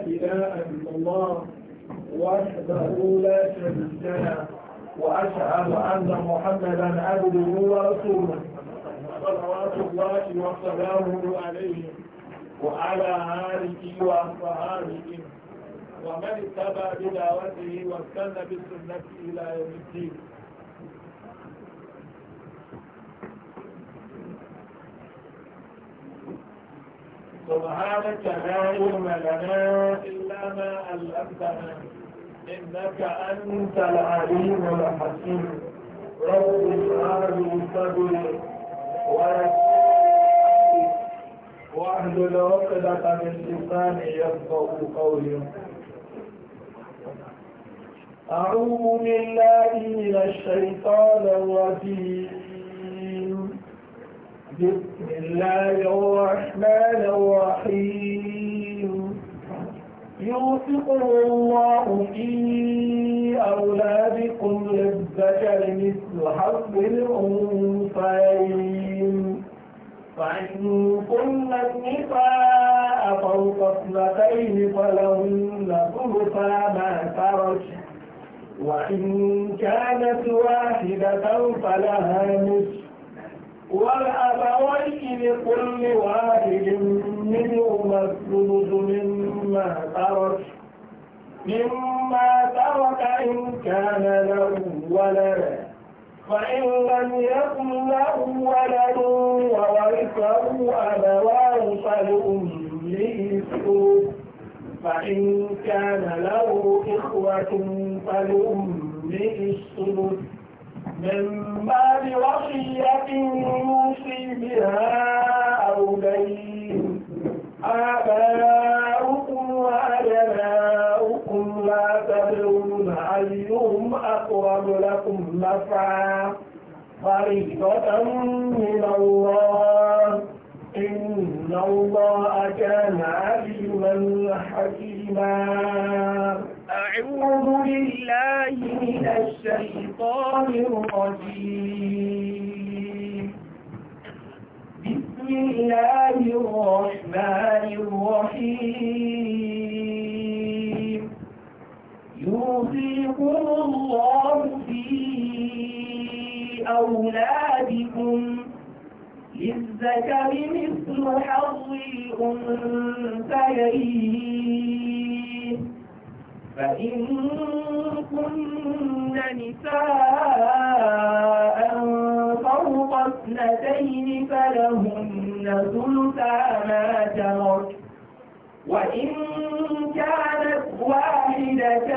إله إلا الله وحده لا شريك له وأشهد أن محمدا عبده ورسوله صلوات الله وسلامه عليه وعلى آله وأصحابه ومن اتبع بدعوته واستنى بسنته إلى يوم الدين سبحانك لا علم لنا إلا ما علمتنا إنك أنت العليم الحكيم رب اشرح لي صدري واحلل عقدة من لساني يفقه قولي أعوذ بالله من الشيطان الرجيم بسم الله الرحمن الرحيم يوثقه الله في أولادكم للذكر مثل حظ الأنثيين فإن كن النساء فوق اثنتين فلهن ثلثا ما ترك وإن كانت واحدة فلها نصف والأبوين لكل واحد منهما الثلث مما ترك مما ترك إن كان له ولد فإن لم يكن له ولد وورثه أبواه فلأمه الثلث فإن كان له إخوة فلأمه الثلث من مال وصية يوصي بها أو دين آباؤكم وأبناؤكم لا تدرون أيهم أقرب لكم نفعا فريضة من الله إن الله كان عليما حكيما أعوذ بالله من الشيطان الرجيم بسم الله الرحمن الرحيم للذكر مثل حظ الأنثيين فإن كن نساء فوق اثنتين فلهن ثلثا ما ترك وإن كانت واحدة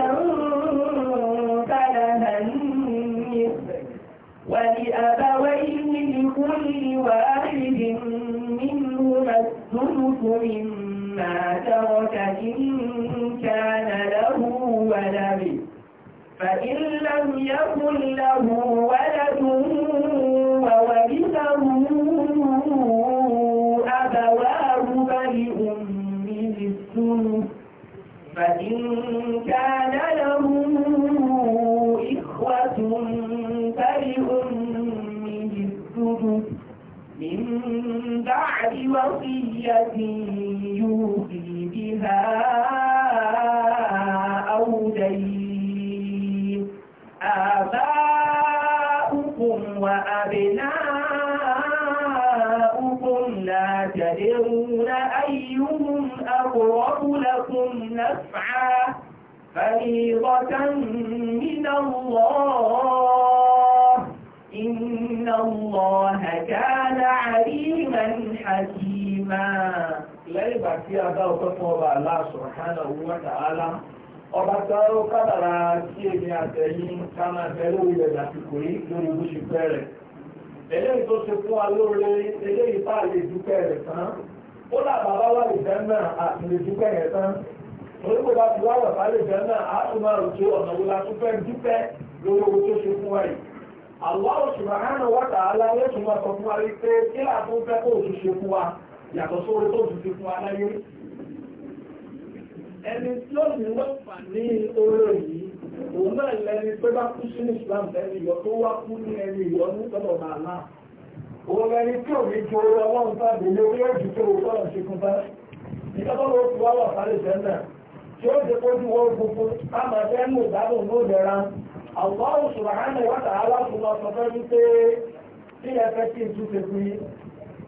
مما ترك إن كان له ولد فإن لم يكن له ولد وورثه أبواه فلأمه الثلث فإن كان له إخوة فلأمه الثلث من بعد وصية التي يوفي بها أو دين آباؤكم وأبناؤكم لا تدرون أيهم أقرب لكم نفعا فريضة من الله إن الله كان عليما حكيما naa lẹ́yìn ìgbà tí a bá ala fún ọba ta'ala ọba tààrọ kádàrà sí èmi àtẹ̀yìn kánà tẹ́lẹ̀ orí ẹ̀dà ti lórí bó ṣe bẹ̀rẹ̀ eléyìí tó ṣe fún alóore eléyìí bá lè dúpẹ́ rẹ̀ tán ó là bàbá wà lè náà lè yẹn tán kò bá ti wá wà bá lè la tún fẹ́ lórí owó tó ṣe fún wa yìí wa sọ fún wa wípé kí làá tún fẹ́ yàtọ̀ sórí tó dùn ti fún aláyé ẹni tí ó ní lọ́pà ní oró yìí òun náà lẹni pé bá kú sí ní Islam lẹni ìyọ tó wá kú ní ẹni ìyọ ní sọ́dọ̀ bàálà òun lẹni tí ò ní ju oró ọlọ́run sáàbì ní orí òjì tó wọ́n sọ̀rọ̀ sí fún bá ìjọba ló fi wá wà sáré sẹ́ńdà tí ó ti kójú wọn gbogbo a máa mú ìdáhùn ní òdẹ̀ra àwọn òṣùwà hánà ìwádàá aláṣùwọ̀n sọ fẹ́ wípé tí ẹ fẹ́ kí n tún ṣe fún yín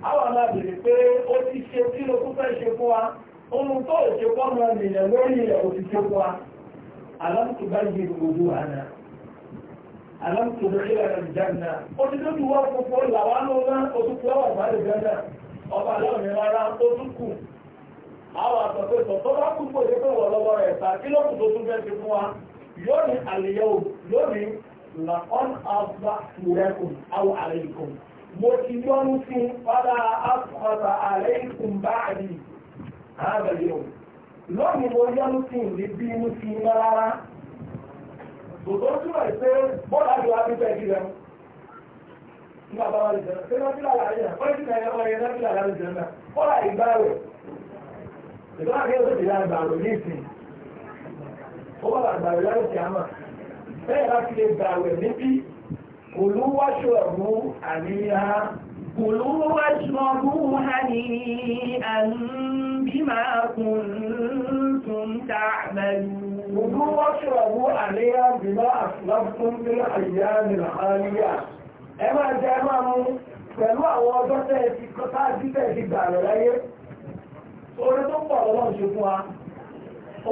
àwọn alábìrì pé ó ti ṣe tí ló tún fẹ́ ṣe fún wa ohun tó ṣe fún ọmọ ènìyàn lórí rẹ̀ ó ti ṣe fún wa alámùtò bá yẹ gbogbo àná alámùtò lókèlè àjànà ó ti tó ti wá gbogbo làwọn ọmọ ó tún fún ọwọ́ àbáyé gánà ọba aláwọ̀ ní rárá ó tún kù àwọn àtọ̀pẹ̀tọ̀ tó bá kú pòṣe pé wọ̀ lọ́wọ́ rẹ̀ ta kí ló kù tó tún fẹ́ ṣe fún wa yóò ní àlèyé o lónìí làkọ́n àgbà fúrẹ́kùn àwọn àlèyé kùn. mo ti yọ́nú fún fádà àpọ̀ta àlẹ́kùn báàdì àbẹ̀lẹ̀ o lọ́nà mo yọ́nú ní bí mo ti mọ́ rárá tòtò túnmọ̀ pé bọ́ọ̀lá ju abíbẹ̀ kí lẹ́nu wọ́n ti kùlú wáṣọ̀rú àríyá kùlú wáṣọ̀rú hàní àmbímà kùntùm tààmàlú kùlú wáṣọ̀rú àríyá bímá àfúláfún bí àyà nìlá àríyá ẹ máa jẹ máa mú pẹ̀lú àwọn ọjọ́ tẹ́ẹ̀ ti kọ́tà jíjẹ́ ti gbà rẹ̀ láyé orí tó pọ̀ lọ́wọ́ ṣe fún wa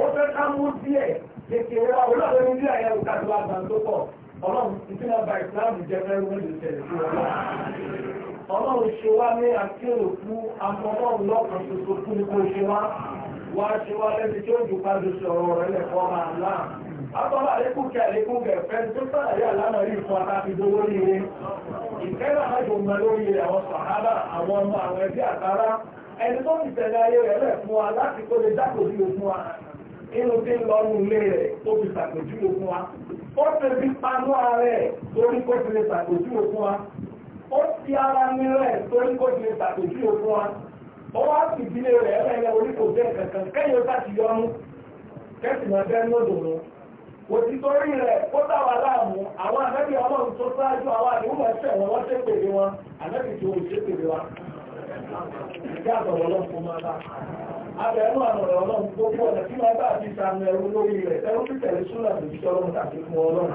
ó fẹ́ ká mú díẹ̀ kékeré wa olóòtú ní bí àyẹ̀wò kájú àgbà tó pọ̀ ọlọ́run tí wọ́n bá ìsìláàmù jẹ́ mẹ́rin wọ́n lè tẹ̀lé sí ọlọ́run ọlọ́run ṣe wá ní àkíyèrò fún amọ́lọ́run lọ́kàn ṣoṣo fún ní kò ṣe wá wá ṣe wá lẹ́ni tí ó jù ká lóṣù ọ̀rọ̀ rẹ̀ lẹ́kọ́ máa lá akọ́lá àlékún kí àlékún bẹ̀ fẹ́ tó sàlàyé àlànà yìí fún akáfíjó lórí ilé ìkẹ́lá àjò mọ lórí ilé àwọn sàhábà àwọn ọmọ àwọn ẹbí àtàrà ẹni tó ń tẹ̀lé ayé rẹ̀ lẹ̀ fún wa láti kó lè dákòjú òfin wa inú tí ń lọ nù ilé rẹ̀ tó fi ṣàpèjúwe fún wa ó ti fi panú ara ẹ̀ torí kó ti lè ṣàpèjúwe fún wa ó ti ara ní rẹ̀ torí kó ti lè ṣàpèjúwe fún wa ó wá sì ìdílé rẹ̀ ẹ̀rẹ́ orí kò bẹ́ẹ̀ kankan kẹ́yìn ó sáti yọnu kẹ́sìn náà bẹ́ẹ̀ ní òdòdó òtítorí rẹ̀ ó dáwà láàmú àwọn ànábì ọlọ́run tó sáájú àwọn àdéhùn ẹ̀ṣẹ̀ wọn wọ́n ṣépè abẹ̀rún àwọn ọ̀rọ̀ ọlọ́run gbogbo ọ̀nà tí wọ́n bá fi sàmì ẹ̀rú lórí rẹ̀ ẹ̀rú tí tẹ̀lé súnà lòdì sọ́lọ́run tàbí fún ọlọ́run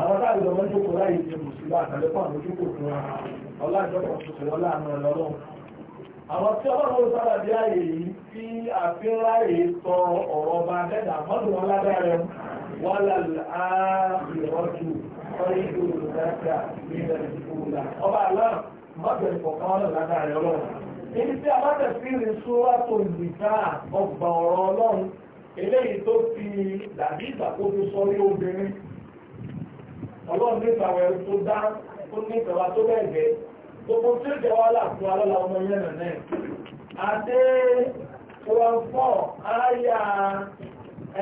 àwọn táàbí ọmọ jókòó láyé ti mù sílá àtàlẹ́kọ̀ àwọn fún wa ọlá ìjọba tuntun ọlá àmì ọlọ́run àwọn tí ọlọ́run ó sábà bí ààyè yìí tí àfihàn sọ ọ̀rọ̀ ọba abẹ́dà mọ́tò wọn lágbára wọn lálẹ́ ààrẹ̀wọ́jú ọ̀rẹ́ ìlú olùdájà nílẹ̀ ìfowópamọ́ ọba àlọ́ mọ́tò ìfọ̀kànlọ́ lágbára ọlọ́run èyí tí a bá tẹ̀sí rí súra tó ìgbìta ọgbà ọ̀rọ̀ ọlọ́run eléyìí tó fi dàbí ìgbàkóso sọrí obìnrin ọlọ́run nípa wẹ̀ tó dá tó ní ìtẹ̀wá tó bẹ̀gẹ̀ gbogbo tí ó jẹ́ wá láàpù alọ́la ọmọ yẹn nà náà àti wọn fọ́ àyà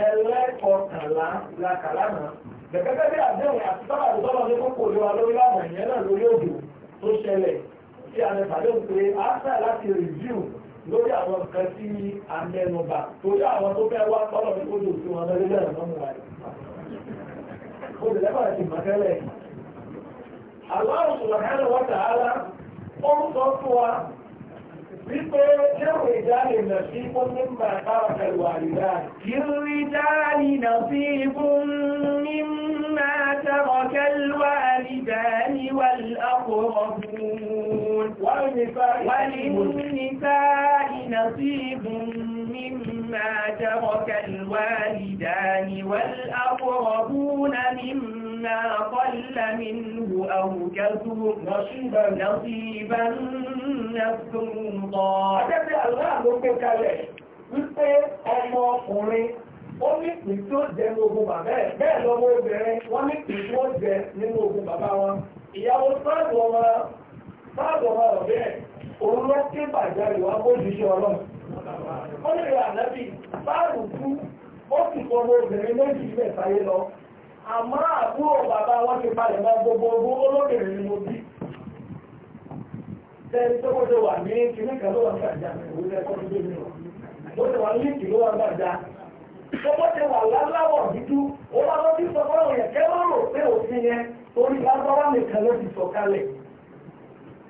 ẹlẹ́kọ̀ọ́kànlá la kàlánà gẹ́gẹ́ bí àdéhùn àti sábà tó tọ́lọ́ ní kókò lé wa lórí láwọn ìyẹn náà lórí òdò tó ṣẹlẹ̀ tí a mẹ́fà ló ń pe áṣà láti rìvíù lórí àwọn nǹkan tí a mẹ́nubà torí àwọn tó fẹ́ wá tọ́lọ̀ ní kódò tí wọ́n lọ lélẹ̀ lọ́mù wáyé. Olùdẹ́fà ti mọ̀ tẹ́lẹ̀. ń sọ fún wa wípé ṣéwò ìdáni nà nà sí kúnmí mà táwọn kẹlù àrídá ni وللنساء نصيب مما ترك الوالدان والأقربون مما قل منه أو كثر نصيبا مفروضا wípé ọmọ ọkùnrin ó ní pín tí ó jẹ ní ogun bàbá ẹ̀ bẹ́ẹ̀ lọ́mọ obìnrin wọ́n ní pín tí ó jẹ nínú ogun bàbá wọn ìyàwó sáàdù ọmọ báàbọ̀ ọ̀rọ̀ bẹ́ẹ̀ òun ló ké bàjá ìwà bójúṣe ọlọ́run ó lè rà lẹ́bí báàrù kú ó sì kọ́ ọmọ obìnrin méjì ilẹ̀ sáyé lọ àmọ́ àbúrò bàbá wọn ti palẹ̀ mọ́ gbogbo ogún olóbìnrin ni mo bí tẹ́lẹ̀ tó kọ́jọ wà ní kìnnìkan ló wà ń gbàjá òun lẹ́kọ́ tó gbé mi lọ bó ti wà ní líìkì ló wà ń gbàjá gbogbo ti wà láláwọ̀ dúdú ó wá lọ sí sọ fọ́ọ̀rọ̀ yẹn kẹ́rọ̀ rò pé òfin yẹn torí lágbára nìkan ló ti sọ kalẹ̀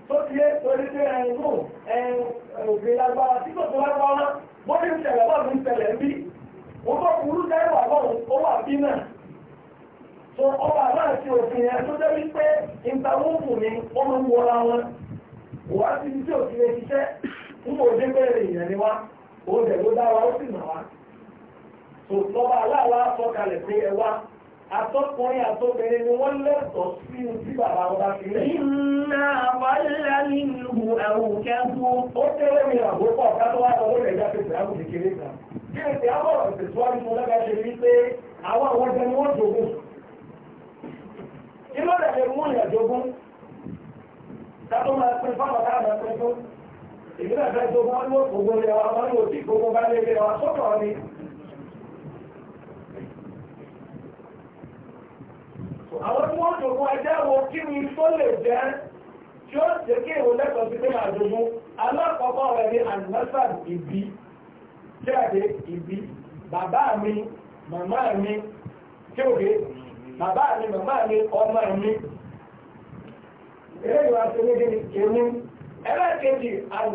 tó ti yé torí pé ẹ̀rù ògbé tí kò tó lágbára bó ní ìṣẹ̀lẹ̀ wà ní ìṣẹ̀lẹ̀ ń bí wọ́n bọ́ burú dáìwà bọ́ọ̀ ó wà bí náà so ọba náà ti òfin yẹn tó jẹ́ wípé ìtàwọ́pù ni wọ́n máa ń wọra wọn wá sí ibi tí òfin lè ṣiṣẹ́ ń bò dé bẹ́ẹ̀rẹ̀ èèyàn ni wá ó dẹ̀ ló dá wa ó sì nà wá so lọ́ba aláwa sọ kalẹ̀ pé ẹ wá Atọ́kùnrin àtọ́bẹ̀rẹ̀ ni wọ́n lẹ́tọ̀ọ́ sí ojú bàbá ọba sílẹ̀. Iná àwọ̀lá nínú àwùkẹ́kù. Ó kéré mi àgbópọ̀ ká tó wá sọ lórí ẹ̀dá pèsè àwọn kékeré kan. Bí èsì àbọ̀rọ̀ ìtẹ̀síwájú mo lọ́gà ṣe rí pé àwọn àwọn ọjọ́ ni wọ́n jogún. Iná dàbẹ̀ mú ìyà jogún. Ká tó máa pín fáwọn ká máa pín fún. Ìgbésẹ̀ fẹ́ jogún wọn ní òkú gbogbo àwọn tí wọ́n jòkó ẹjẹ́ wo kí ni tó lè jẹ́ tí ó jẹ́ kí èwo lẹ́kọ̀ọ́ sí pé máa jogún alákọ̀ọ́kọ́ rẹ̀ ní anniversary ìbí jáde ìbí bàbá mi màmá mi tí ó dé bàbá mi màmá mi ọmọ mi eléyìí wá sí ní ẹlẹ́kẹ̀ẹ́jì àwọn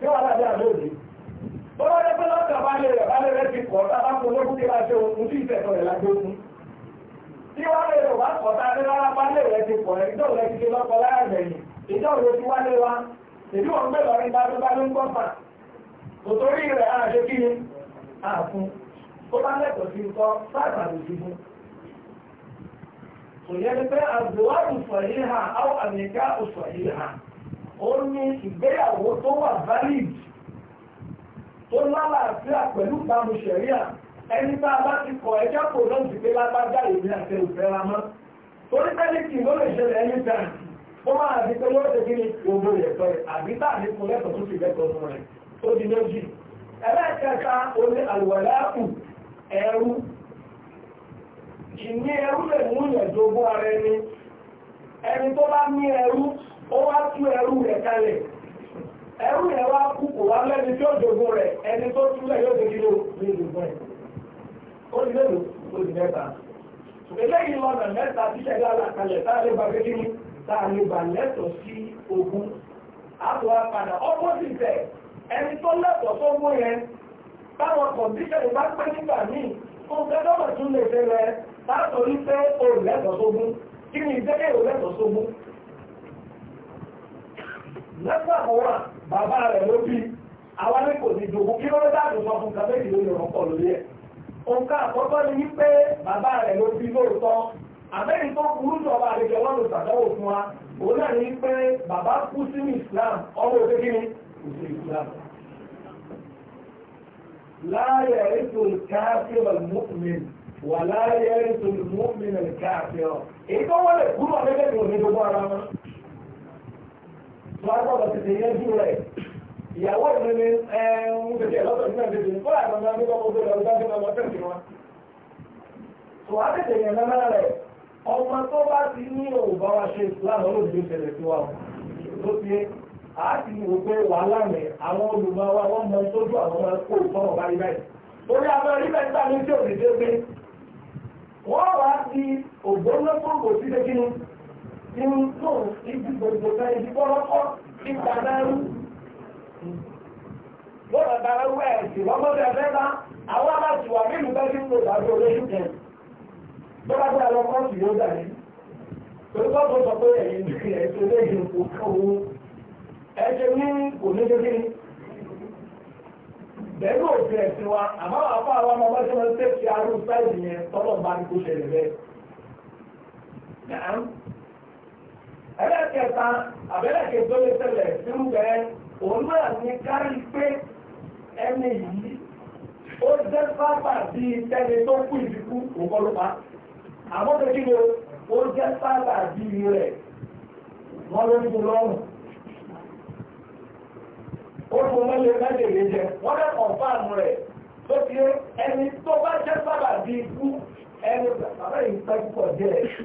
tí wọ́n lábẹ́ àlọ́ òní. Ó wá dé pé lọ́sẹ̀ balẹ̀ rẹ̀ balẹ̀ rẹ̀ ti kọ̀ ọ́ tábà kó lókùn tí wàá ṣe ohun tí ìfẹ̀tọ̀ rẹ̀ lájọ́ fún. Tí wọ́n lè rò wá kọ̀ tá ní rárá balẹ̀ rẹ̀ ti kọ̀ ẹ̀jọ́ rẹ̀ ti ṣe lọ́kọ̀ láyà gbẹ̀yìn. Ìjọ́ rẹ̀ ti wálé wa. Èmi wọn gbé lọ́rin bá tó bá ló ń ó ní ìgbéyàwó tó wà valid tó lálàáfíà pẹ̀lú ìbámu ṣẹ̀ríà ẹni tá a bá ti kọ̀ ẹjọ́ kò lọ́n ti pé lágbájá èmi àti òfẹ́ra mọ́ torí pẹ́lẹ́tì ló lè ṣẹlẹ̀ ẹni tàn ó máa di pé yóò ṣe kí ni gbogbo ìyẹ̀tọ́ rẹ̀ àbí tá àní fún lẹ́tọ̀ọ́ tó ti lẹ́tọ̀ọ́ fún rẹ̀ tó di méjì ẹlẹ́ẹ̀kẹta ó ní àlùwàláàkù ẹrú ìní ẹrú lè mú ìyẹ̀dógún ara ẹni ẹni tó bá ní ẹrú ó wá tú ẹrú rẹ̀ kalẹ̀ ẹrú rẹ̀ wá kú kò wá lẹ́ni tí ó jogún rẹ̀ ẹni tó túlẹ̀ yóò dé kíló ní ìdògbọ́n ẹ̀ ó ní mélòó ó ní mẹ́ta eléyìí lọ́nà mẹ́ta tí ṣẹ̀dá àlàkalẹ̀ táàlé ba kékeré ní táàlé ba lẹ́tọ̀ sí ogún àtọ̀ apàdà ọ́pọ́sìtẹ̀ ẹni tó lẹ́tọ̀ tó mú yẹn táwọn kọ̀ǹdíṣẹ̀n bá pẹ́ nígbà míì tó ń tẹ́lọ́mọ̀ lè fẹ́ rẹ látọ̀rí pé olùlẹ́tọ̀ sógún kí ni ìdẹ́kẹ́ olùlẹ́tọ̀ sógún nọ́mbà wà bàbá rẹ̀ ló bí àwọn ní kò ní dogun kí lórí dáàbò sọ fún kàbé ìlú ìrọ̀ pọ̀ lórí ẹ̀ òǹkà àkọ́kọ́ ni wípé bàbá rẹ̀ ló bí lóòótọ́ àbẹ́yìn tó burú jọba àlejò ọlọ́run ṣàtọ́wò fún wa òun náà ní pé bàbá kú sínú Islam ọmọ òde kí ni kò sí Islam láàyè ètò ìkáfíọ̀ mọ́kùnrin wà láàyè ètò ìmọ̀kùnrin ìkáfíọ̀ èyí tó wọlé kúrò wọ́n á gbọ́dọ̀ tètè yẹn dúró rẹ̀ ìyàwó mi ni ń tètè lọ́sọ̀ nígbà tètè ní kọ́lá àgbàmọ́ ní kọ́kọ́ tó lọ sí dájú ọmọ tẹ̀sí wọn. tó wá tètè yẹn lọ́nà rẹ̀ ọmọ tó bá ti ní òbá wa ṣe láàrín olóògbé tẹ̀lẹ̀ sí wa ló ti a ti wò pé wàhálà mi àwọn olùmọ̀ wa wọ́n mọ sójú àwọn ọmọ kó ìfọ̀rọ̀ bá rí báyìí. torí àwọn ẹ̀rí bẹ́ẹ̀ sáà ní tí òdìdé gbé wọ́n wá sí ògbóná tó kò sí ti ń tó ibi gbogbo kan ibi kọ́lọ́kọ́ ti gbàdárú. Bọ́lá gbàdárú ẹ̀ sì lọ́mọdé ẹ̀fẹ́ bá àwọn aláṣẹ wà nílùú bẹ́ẹ̀ ní ìlú àti olóṣù kẹ. Bọ́lá gbé àwọn kọ́ọ̀tù yóò dà ní. Tòlúkọ́ tó sọ pé ẹ̀yìn ní ẹ̀sẹ̀ lẹ́yìn kò káwó. Ẹ̀jẹ̀ ní kò ní kékeré. Bẹ̀rù òfin ẹ̀sìn wa, àmọ́ àpá àwọn ọmọ ọmọdé máa ń tẹ̀sí arúgbó sáìdì yẹn tọ́lọ̀ bá ní kó ṣẹlẹ̀ bẹ́ẹ̀ ẹlẹ́kẹta àbẹ́lẹ́kẹ tó lè tẹ̀lẹ̀ sínú bẹ́ẹ̀ òun náà ní kárí pé ẹni yìí ó jẹ́ sábà bí ẹni tó kú ìdíkú òkọlùpá àmọ́ tó kí ni ó jẹ́ sábà bí rẹ̀ wọ́n ló ń bu lọ́rùn ó fún mọ́lẹ̀ mẹ́jẹ̀lẹ́ jẹ wọ́n lẹ́ kọ̀ǹfàmù rẹ̀ tó ti ẹni tó bá jẹ́ sábà bí ikú ẹni bàbá yìí pẹ́ púpọ̀ díẹ̀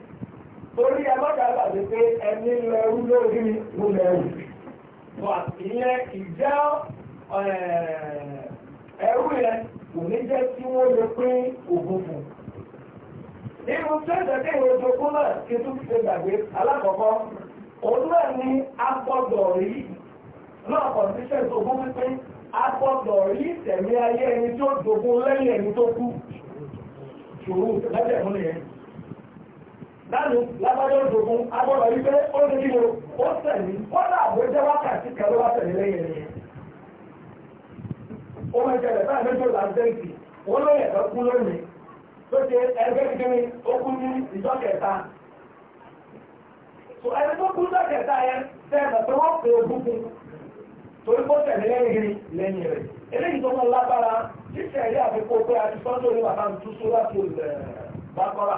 torí ẹgbọ́dàgbà ti pé ẹni lẹ́rú lórí ló lẹ́rú ìyẹn ìjẹ́ eh, ẹrú yẹn kò ní jẹ́ tí wọ́n lè pín ògùn fún nínú tí ó tẹ̀lé ìwé ojogún náà kí tún fi gbàgbé alákọ̀ọ́kọ́ òun náà ní agbọ́dọ̀ rí náà kọ̀ǹtíṣẹ́ ìṣògùn pípín agbọ́dọ̀ rí tẹ̀mí ayé ẹni tó dogun lẹ́yìn ẹni tó kú ṣòro lẹ́tẹ̀mú nìyẹn láàrin lábájọ́ òjòkun agbọ́dọ̀ yí pé ó ní kíló ó tẹ̀lé kọ́dà àbójẹ́ wákàtí kan ló wá tẹ̀lé lẹ́yìn rẹ̀. ó máa jẹrẹ báyìí méjì làǹdẹ́ǹtì wọ́n lóyè ẹ̀kọ́ kú lónìí tó ṣe ẹgbẹ́ kíkiri ó kú ní ìjọ kẹta. sọ ẹni tó kú ìjọ kẹta yẹn tẹ́lẹ̀ tó wọ́n pè é búkú torí kó tẹ̀lé lẹ́yìn lẹ́yìn rẹ̀ eléyìí tó mọ lágbára títẹ̀lé àfikún pé a ti sọ́jọ́ ní bàbá mi tú sórí àti olùbẹ̀rẹ̀ eh, bá kọ́ra.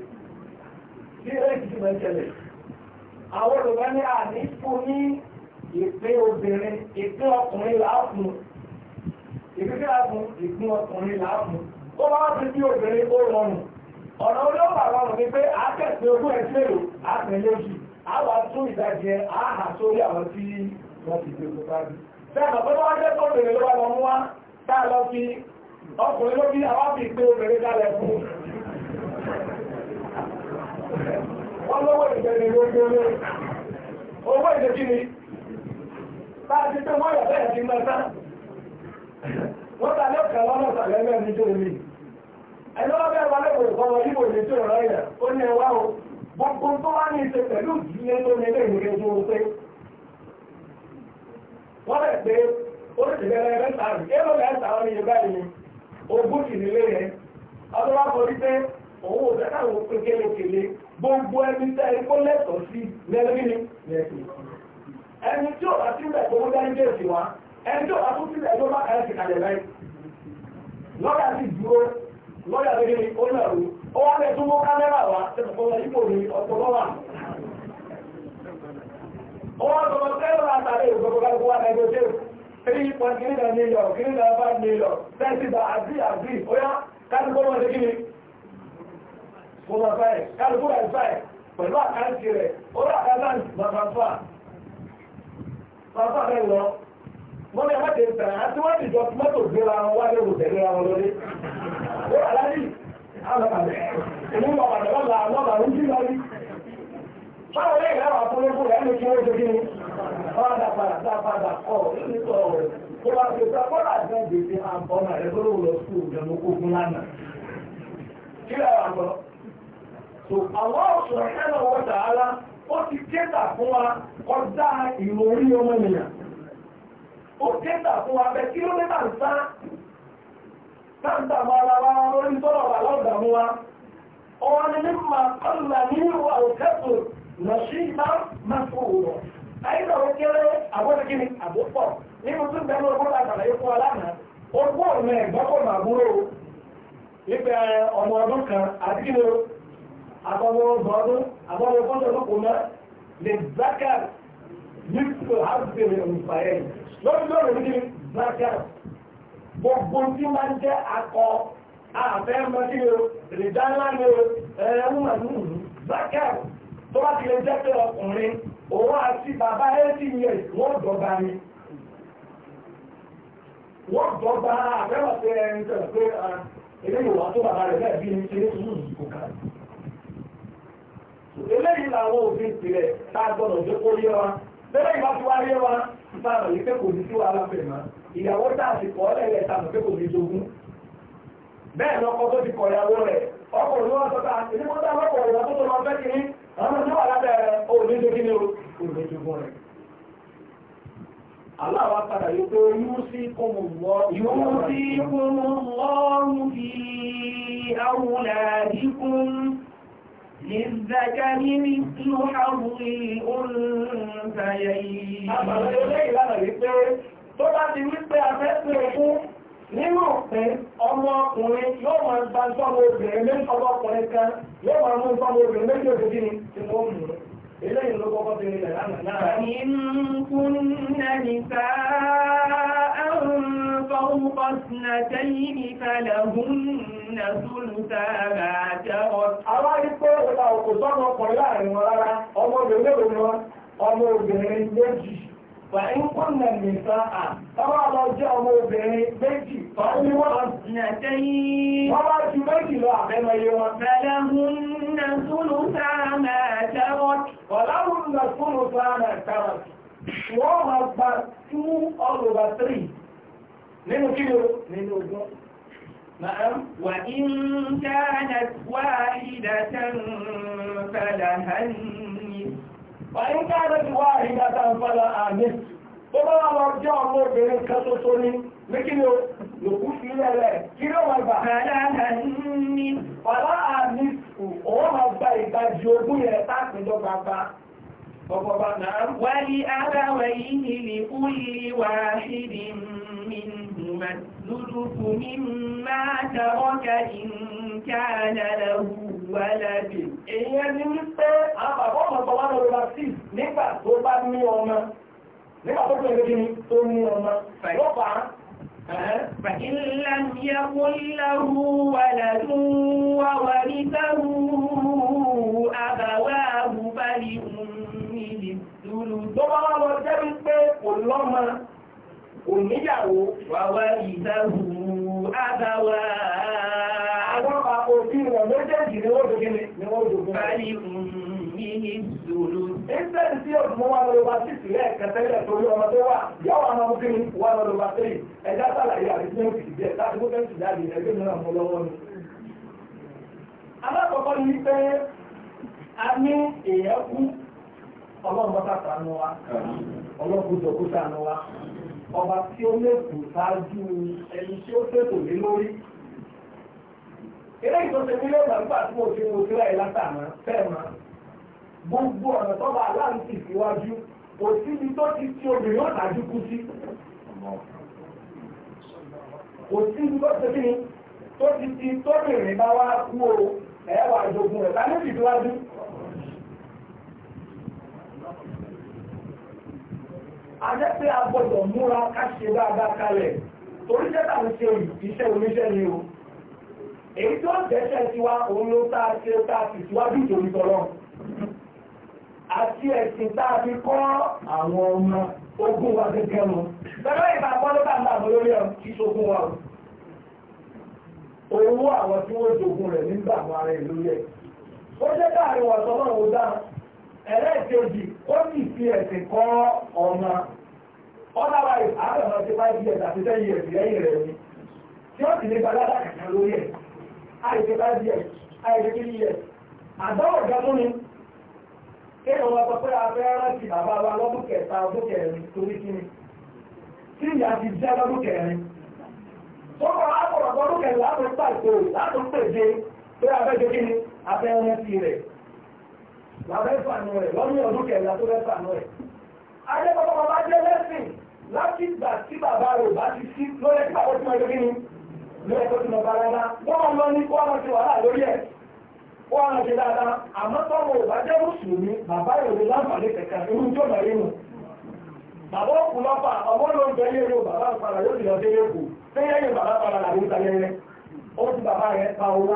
bí rẹ́ẹ̀kì ti máa tẹ̀lẹ̀ àwọn Yorùbá ní àní fún ní ìpé obìnrin ìpín ọkùnrin làákùn ìpínlẹ̀ ààbùn ìpín ọkùnrin làákùn ó wá ti bí obìnrin ó rọrùn ọ̀nà olóòpàá rọrùn ni pé àákẹ́sì ogún ẹ̀sẹ̀ lò àtẹ̀lẹ́jì àwa tún ìdajì àhà sórí àwọn tí wọ́n ti gbé kó báyìí sẹ́nà tó wá jẹ́ tó obìnrin ló wá lọ mú wá tá a lọ fi ọkùnrin ló bí àwọn fi gbé obìnrin dálẹ̀ fún un lọ́wọ́ ìgbẹ̀rẹ̀ lójúlé owó ìdójú ni bá tó wọ́n yà bẹ́ẹ̀ ti mẹ́ta wọ́n ta lọ́kà lọ́nà sàlẹ̀ mẹ́rin nítorí mi ẹni wọ́n bẹ́ẹ̀ wọlé kò kọ́ wọn níbo ní tó rọ ó ní ẹwà o gbogbo tó wá ní pẹ̀lú ìdílé tó ní ilé ìwé tó ń pé gbogbo ẹni tẹ́ ikó lẹ́tọ̀ sí lẹ́lẹ́mìnì ẹni tí ó bá sílẹ̀ tó wúdá ní kéèsì wá ẹni tí ó bá tún sílẹ̀ tó bá kàrẹ́ sí kalẹ̀ láì lọ́yà sì dúró lọ́yà lórí olóòrù ó wá lẹ́ tún mú kámẹ́rà wá tẹ́tọ̀kọ́lọ́ ipò ní ọ̀pọ̀lọ́wà ó wá tọ̀lọ́ tẹ́lọ́ àtàrí ìgbọ̀gbọ̀gbọ̀ wá ẹgbẹ́ 3.9 million 3.5 million 30 àbí àbí ó yá káàkiri mo máa bá ẹ̀ kálukú rẹ̀ bá ẹ̀ pẹ̀lú àkáǹtì rẹ̀ orí àkáǹtì bàbá fà bàbá rẹ̀ lọ wọ́n ní ẹ̀mọ́tẹ̀ ìtàn àti wọ́n ti jọ mọ́tò gbéra wọn wá lérò tẹ̀lé ra wọn lórí ó aláàjì alọ́bàdẹ̀ èmi bàbàdẹ̀ lọ́la lọ́la ń jí lọ́rí báwo lè rẹ̀ wà fún lókù rẹ̀ ẹni kí wọ́n ṣe kí ni wọ́n dà kọ́ ní sọ tó bá fi sọ tó lọ lánàá kí so àwọn ọ̀sọ̀ ẹ̀rọ wọ́ta ara ó ti kéta fún wa ọjà ìròrí ọmọ ènìyàn ó kéta fún wa bẹ kílómítà ń sá táǹtà mọ́ ara lórí tọ́lọ̀ wà lọ́dà mú ni mímọ kọ́lá ní ìwà òkẹ́tù lọ sí ìgbà máa fò wọ̀ àyíká ó kéré àbọ̀dẹ́kìnì àbúpọ̀ nínú bẹ́ẹ̀ fún ọ̀nà àtọ́wọ́ bọ́ọ̀dún àtọ́wọ́ kọ́ńtọ̀ lóko náà lè zákà nípò àbẹ̀rẹ̀ òǹfààyè lórí lórí ní zákà gbogbo tí máa ń jẹ́ akọ àfẹ́ mọ́tí o rìdánlá ni o ẹ̀rùn-ún zákà tó bá ti lè jẹ́ pé ọkùnrin òun àti bàbá ẹ́sì yẹn wọ́n dọ̀gba ni wọ́n dọ̀gba àfẹ́wọ̀sẹ̀ ẹni tẹ̀lé pé ah, eléyìí wà tó bàbá rẹ̀ bẹ́ẹ̀ bí ní ṣe é sùn kò kàrí eléyìí làwọn òfin tìrẹ̀ tá a gbọ́dọ̀ tó kó yé wa lẹ́lẹ́ ìbá ti wá yé wa ìfarahàn yìí pé kò ní sí wàhálà pè má ìyàwó tá a ti kọ́ lẹ́lẹ̀ ta mọ̀ pé kò ní jogún bẹ́ẹ̀ ni ọkọ tó ti kọ̀ ìyàwó rẹ̀ ọkùnrin ni wọ́n sọ ta kó tá a lọ́kọ̀ ìyàwó tó tó lọ fẹ́ kiri àwọn ọmọ wà lábẹ́ rẹ̀ ó oh, ní jogún ni o ní jogún rẹ̀. Aláwa padà yóò pé yóò sí kómù lọ. Yóò sí kómù lọ́rùn bíi àwùlà للذكر مثل حظ الأنثيين Àbàlẹ̀ ilé ìlànà wípé tó bá ti wípé afẹ́fẹ́ fún nínú pé ọmọ ọkùnrin yóò máa gba sọ́mọ obìnrin méjì ọmọ kan yóò máa mú sọ́mọ obìnrin méjì òdìdí ni tí wọ́n mú ilé ìlú kọ́kọ́ ti rí lẹ̀ lánàá. فوق اثنتين فلهن ثلثا ما ترك àwọn àdìpọ̀ ìta òkú sọ́nà ọkùnrin láàrin wọn rárá ọmọ obìnrin ló wọn ọmọ obìnrin méjì fàyín kùnà nìta à táwọn àlọ́ jẹ́ ọmọ obìnrin méjì fàyín wọn ọ̀sìnàtẹ́yìn wọ́n bá ju méjì lọ àbẹ́mọye wọn. فلهن ثلثا ما ترك ولهن two all three nínú kílò nínú ogún وإن كانت واحدة فلها وإن كانت واحدة فلها نصف Bọ́bá àwọn ọjọ́ ọmọ obìnrin kan tó tó ní, ní kí ni òkú sí ilẹ̀ rẹ̀, kí ló wà gbà? Fàlàhà ní, fàlàhà ní, òun máa gba ìgbàjì ogún yẹn táàkì lọ gbàgbà. ولأبويه لكل واحد منهما الثلث مما ترك إن كان له ولد èèyàn ni wípé àbàbọ̀ ọmọ tọ́wọ́ lọ lọ sí nígbà tó bá ní ọmọ nígbà tó pẹ̀lú kí ni tó ní ọmọ lọ́pàá فإن لم يكن له ولد وورثه tó bá wá wọn jẹ́ wípé kò lọ́mọ oníyàwó wàwá ìdáhù àdáwà àwọn òbí wọn méjèèjì ni wọ́n dògé ni wọ́n dògé báyìí ní ìṣòro ìṣẹ́ni tí ó mú wọn lọ́wọ́ sí ìpìlẹ̀ kẹtẹ́lẹ̀ torí ọmọ tó wà yọ wọn ọmọ kí wọn lọ́wọ́ sí ẹ̀dá sàlàyé àti ní òkìkí jẹ láti mú fẹ́ǹsì jáde ẹgbẹ́ mìíràn mú lọ́wọ́ ni. alákọ̀ọ́kọ́ ni wípé a ní èèyàn kú ọlọ́run bọ́tà sànú wa ọlọ́run kó sànú wa ọba tí ó lè ṣáájú ẹni tí ó fẹ́ ní lórí. eré ìtọ́sẹ̀ mi lọ́gbà nígbà tí mo ṣe mo ṣe láì látàmọ́ fẹ́ mọ́ gbogbo ọ̀nà tó aláǹtì síwájú kò síbi tó ti tí obìnrin ọ̀tà jù sí. kò síbi tó ti tí tó ti tí tóbìnrin bá wá kú o ẹ̀ wà jogún ẹ̀ ká ló ti ajẹ́ pé a gbọ́dọ̀ múra káṣe dáadáa kalẹ̀ torí jẹ́ tàbí ṣe iṣẹ́ oníṣẹ́ ni o èyí tó jẹ́ṣẹ́ tiwa òun ló tá a ṣe tá a sì síwájú ìtòrí tọ́lọ́ àti ẹ̀sìn tá a fi kọ́ àwọn ọmọ ogun wa gẹ́gẹ́ wọn gẹ́gẹ́ ìgbà pọ́lọ́tà ń dàbọ̀ lórí ọ̀ kí ṣogun wa owó àwọn tí wọ́n jogun rẹ̀ nígbà wọn ara ìlú yẹ ó jẹ́ káàrin wọ̀n sọ́mọ́ òun dáa ẹlẹ́ẹ̀kejì ó ní ìfi ẹ̀sìn kọ́ ọmọ otherwise àárẹ̀mọ́ ti 5 years àti 7 years lẹ́yìn rẹ̀ ni tí ó sì ní balada kàkà lórí ẹ̀ àìsí five years àìsí three years àdáwọ̀ gẹ́mú ni kí ni wọ́n sọ pé a fẹ́ rántí bàbá wa lọ́dún kẹta ọdún kẹrin torí kí ni tí ìyá ti jẹ́ lọ́dún kẹrin tó kọ́ lọ́dún kẹrin pèsè pé kí ni làbẹ́ fàánú rẹ̀ lọ́ní ọdún kẹ̀lá tó fẹ́ fàánú rẹ̀. Adébọ́bọ́ bàbá jẹ́ lẹ́sìn láti ìgbà tí bàbá rẹ̀ bá ti sí lórí ẹ̀kọ́ àkọ́tí máa lórí ni lórí ẹ̀kọ́ tí mo bá rárá. Wọ́n máa lọ ní kó wọ́n ti wàhálà lórí ẹ̀. Ó wà láti dáadáa, àmọ́ tọ́mọ ò bá jẹ́ mùsùlùmí, bàbá rẹ̀ lè láǹfààní kẹ̀kẹ́ irú tó mọ̀ nínú. Bàbá òkú lọ́fà, ọmọ ló para yóò sì lọ sí ilé kù. para làwọn ìtàlẹ́rẹ́. Ó ti bàbá rẹ̀ pa owó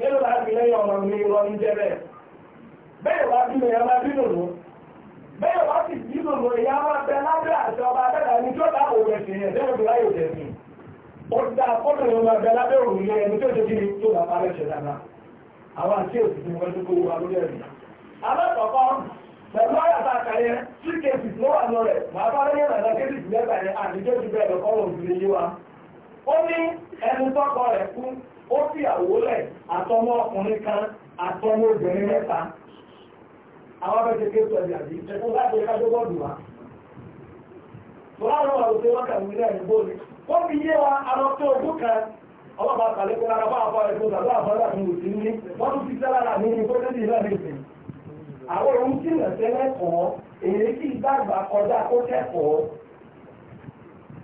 nínú láti lẹ́yìn ọmọ mi rọ ní jẹ́ bẹ́ẹ̀ wá bí ẹ̀yà máa bí lòlò bẹ́ẹ̀ wá sì bí lòlò ẹ̀yà máa bẹ lábẹ́ àti ọba dá ẹ̀ sí ó dá lábẹ́ ẹni tó kí ni tó bá parẹ́ dáadáa àwọn àti wọ́n tó wa lórí ẹ̀rí alákọ̀ọ́kọ́ pẹ̀lú wà lọ rẹ̀ bá lẹ́yìn àdá ó ní ẹni tọ́kọ rẹ̀ kú ó fi àwòlẹ̀ àtọmọ ọkùnrin kan àtọmọ obìnrin mẹ́ta àwọn abẹ́jẹ́ kéèkó ẹ̀dì àbí ẹ̀kọ́ láti ẹ̀ka tó gbọ́dù wá láàrín ọ̀rọ̀ tó wọ́n kàwé ní bóòlù ó fi yé wa arọ tó ojú kan kó lára bá ní wọ́n tún fi ìsìn àwọn ohun tí lẹ́kọ̀ọ́ èyí kì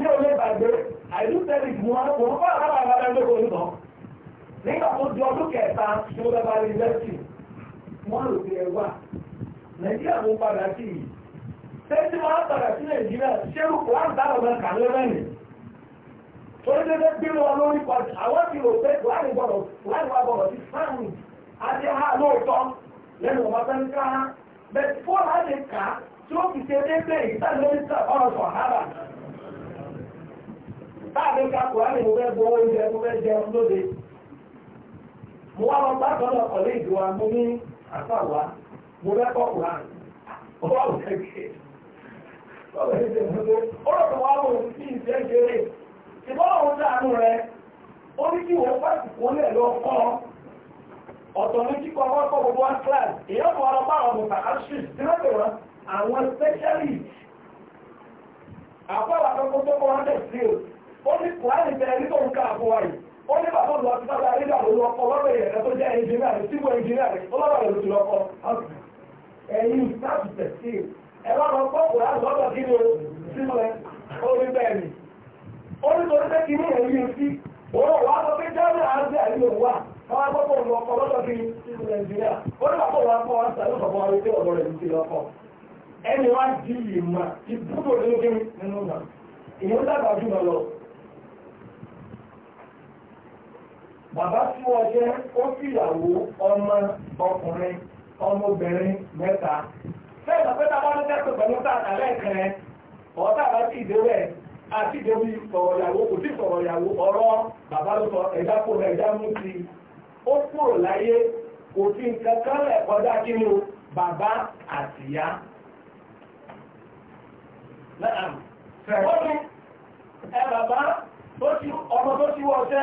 ní olè gbàgbé àìlú tẹ́lẹ̀ ìgbìmọ̀ wọn kò ń kọ́ àbábà wọn lẹ́nu lóko nìkan nígbà tó di ọdún kẹta tí mo dábàá lè lẹ́sì wọ́n lò sí ẹwà nàìjíríà mo padà sí i tẹ́tí wọn padà sí nàìjíríà ṣẹ́rù kò án dáhùn náà kà lẹ́rẹ́nì torí dédé gbé wọn lórí pàtó àwọn ti rò pé láì gbọdọ̀ láì wá gbọdọ̀ sí sáàmù adé ha lóòótọ́ lẹ́nu ọmọ fẹ́ ká bẹ́ẹ̀ fọ́ọ̀lù á lè kà tí ó fi ṣe déédéé ìtàn lórí ọ̀rọ̀ sọ̀hárà táàbí kakọ̀ á mo fẹ́ gbọ́ oúnjẹ mo fẹ́ jẹun lóde mo wá lọ bá tọ́lọ̀ ọ̀lẹ́ ìdíwà mo ní àtàwà mo fẹ́ kọ́ kùrán ó wà wọ́n kẹ́kẹ́ ọ̀rọ̀ tó wá wọ́n rẹ ó ní kí wọ́n kó lẹ̀ lọ kọ́ ọ̀tọ̀ ní kíkọ́ kọ́ gbogbo class èyàn kọ́ ó ní kùránì tẹ ẹni tó ń ká àfún wa yìí ó ní bàbá òun ti sábà rí lórí ọkọ lọ́dọ̀ ìyẹ̀kẹ́ tó jẹ́ ẹnjìnìá síbò ẹnjìnìá rẹ̀ rẹ̀ ló ti lọ́kọ́ ẹ̀yin tẹ̀sí ẹ wá lọ gbọ́ kùránì lọ́dọ̀ kí ni o síbò ẹ ó ní bẹ́ẹ̀ ni ó ní torí pé kí ni ẹ̀yin sí òun wà lọ pé jẹ́rìí àárẹ̀ àìlò wà wọ́n á gbọ́dọ̀ lọ ọkọ̀ lọ́dọ̀ kí síbò ẹnjìnìá ó ní bàbá òun akọ́ bàbá tí wọ́n jẹ́ ó fìyàwó ọmọ ọkùnrin ọmọbìnrin mẹ́ta lẹ́yìn àpẹta bá ló jẹ́ pé pẹ̀lú tààtà lẹ́ẹ̀kẹrẹ ọ̀tá bá ti ìdéwẹ̀ àti ìdéwì sọ̀rọ̀yàwó kò sí sọ̀rọ̀yàwó ọ̀rọ̀ bàbá ló sọ ẹ̀dá kò rẹ̀ ẹ̀dá mú sí i ó kúrò láyé kò sí nǹkan kan lẹ̀ kọjá kí ni o bàbá àtìyá wọ́n ní ẹ bàbá ọmọ tó ti wọ́ ọ̀sẹ́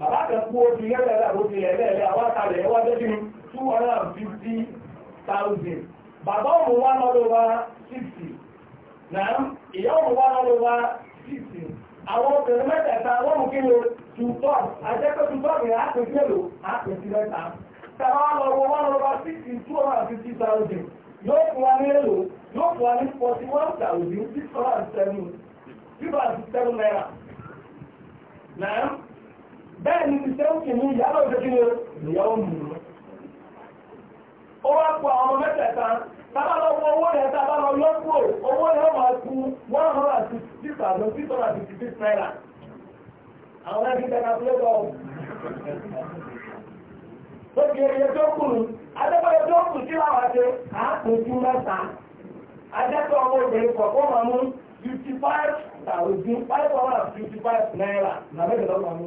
bàbá kan kú oṣù yẹ́lẹ̀lẹ́ àbójú ẹ̀lẹ́lẹ́ àwátalẹ̀ ẹwà jẹ́jú 250,000 bàbá òun wá lọ́dọ̀ wá 60 náà ìyá òun wá lọ́dọ̀ wá 60 àwọn obìnrin mẹ́tẹ̀ẹ̀ta wọ́n mú kí lo tutọ́ àjẹ́kọ́ tutọ́ rẹ̀ ápèsílò ápèsí mẹ́ta tàbá lọ́wọ́ wá lọ́dọ̀ wá 60 250,000 yóò fún wa ní èlò yóò fún wa ní 41,607 naira bẹ́ẹ̀ ni ti sẹ́ǹkì ní na náà jẹ́kí ni ó wá pọ àwọn mẹ́tẹ̀ẹ̀ta tábà lọ wọ owó rẹ̀ tábà lọ yọ owó rẹ̀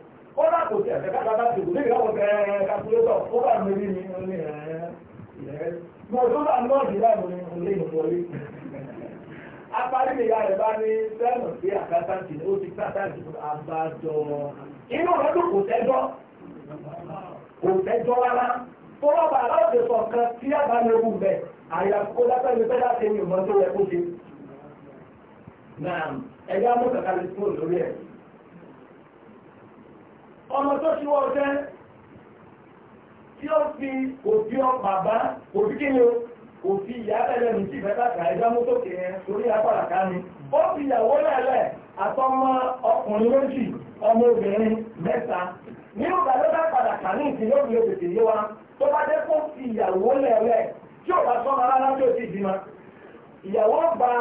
ó rà kò rẹ̀ bá ní sẹ́nu sí àkátáǹtì ó ti kátáǹtì abájọ inú rẹ̀ tó kò tẹ́jọ́ kò tẹ́jọ́ rárá tó wọ́n bá aláwọ̀ ṣe sọ kan tí a bá lè wù bẹ́ẹ̀ àyà kó dápẹ́ mi fẹ́ láti ẹ̀yìn ìmọ̀ tó yẹ kó ṣe. náà ẹ̀yà mú kàkàlẹ̀ fún olórí ẹ̀ ọmọ tó ṣíwọ́ ọ̀tẹ́ tí ó fi òbí bàbá òbí kí ni kò fi ìyá ẹlẹ́ mi sí ìfẹ́ bàtà ẹgbẹ́ mú tó kéré torí apára ká ni ó fi ìyàwó lẹ́lẹ̀ àtọmọ ọkùnrin méjì ọmọ obìnrin mẹ́ta ní ìgbà ló bá padà kà ní ìsìn yóò fi lè tètè yé wa tó bá dé kó fi ìyàwó lẹ́lẹ̀ tí ò bá sọ́mọ rárá tí ò ti bímọ ìyàwó gba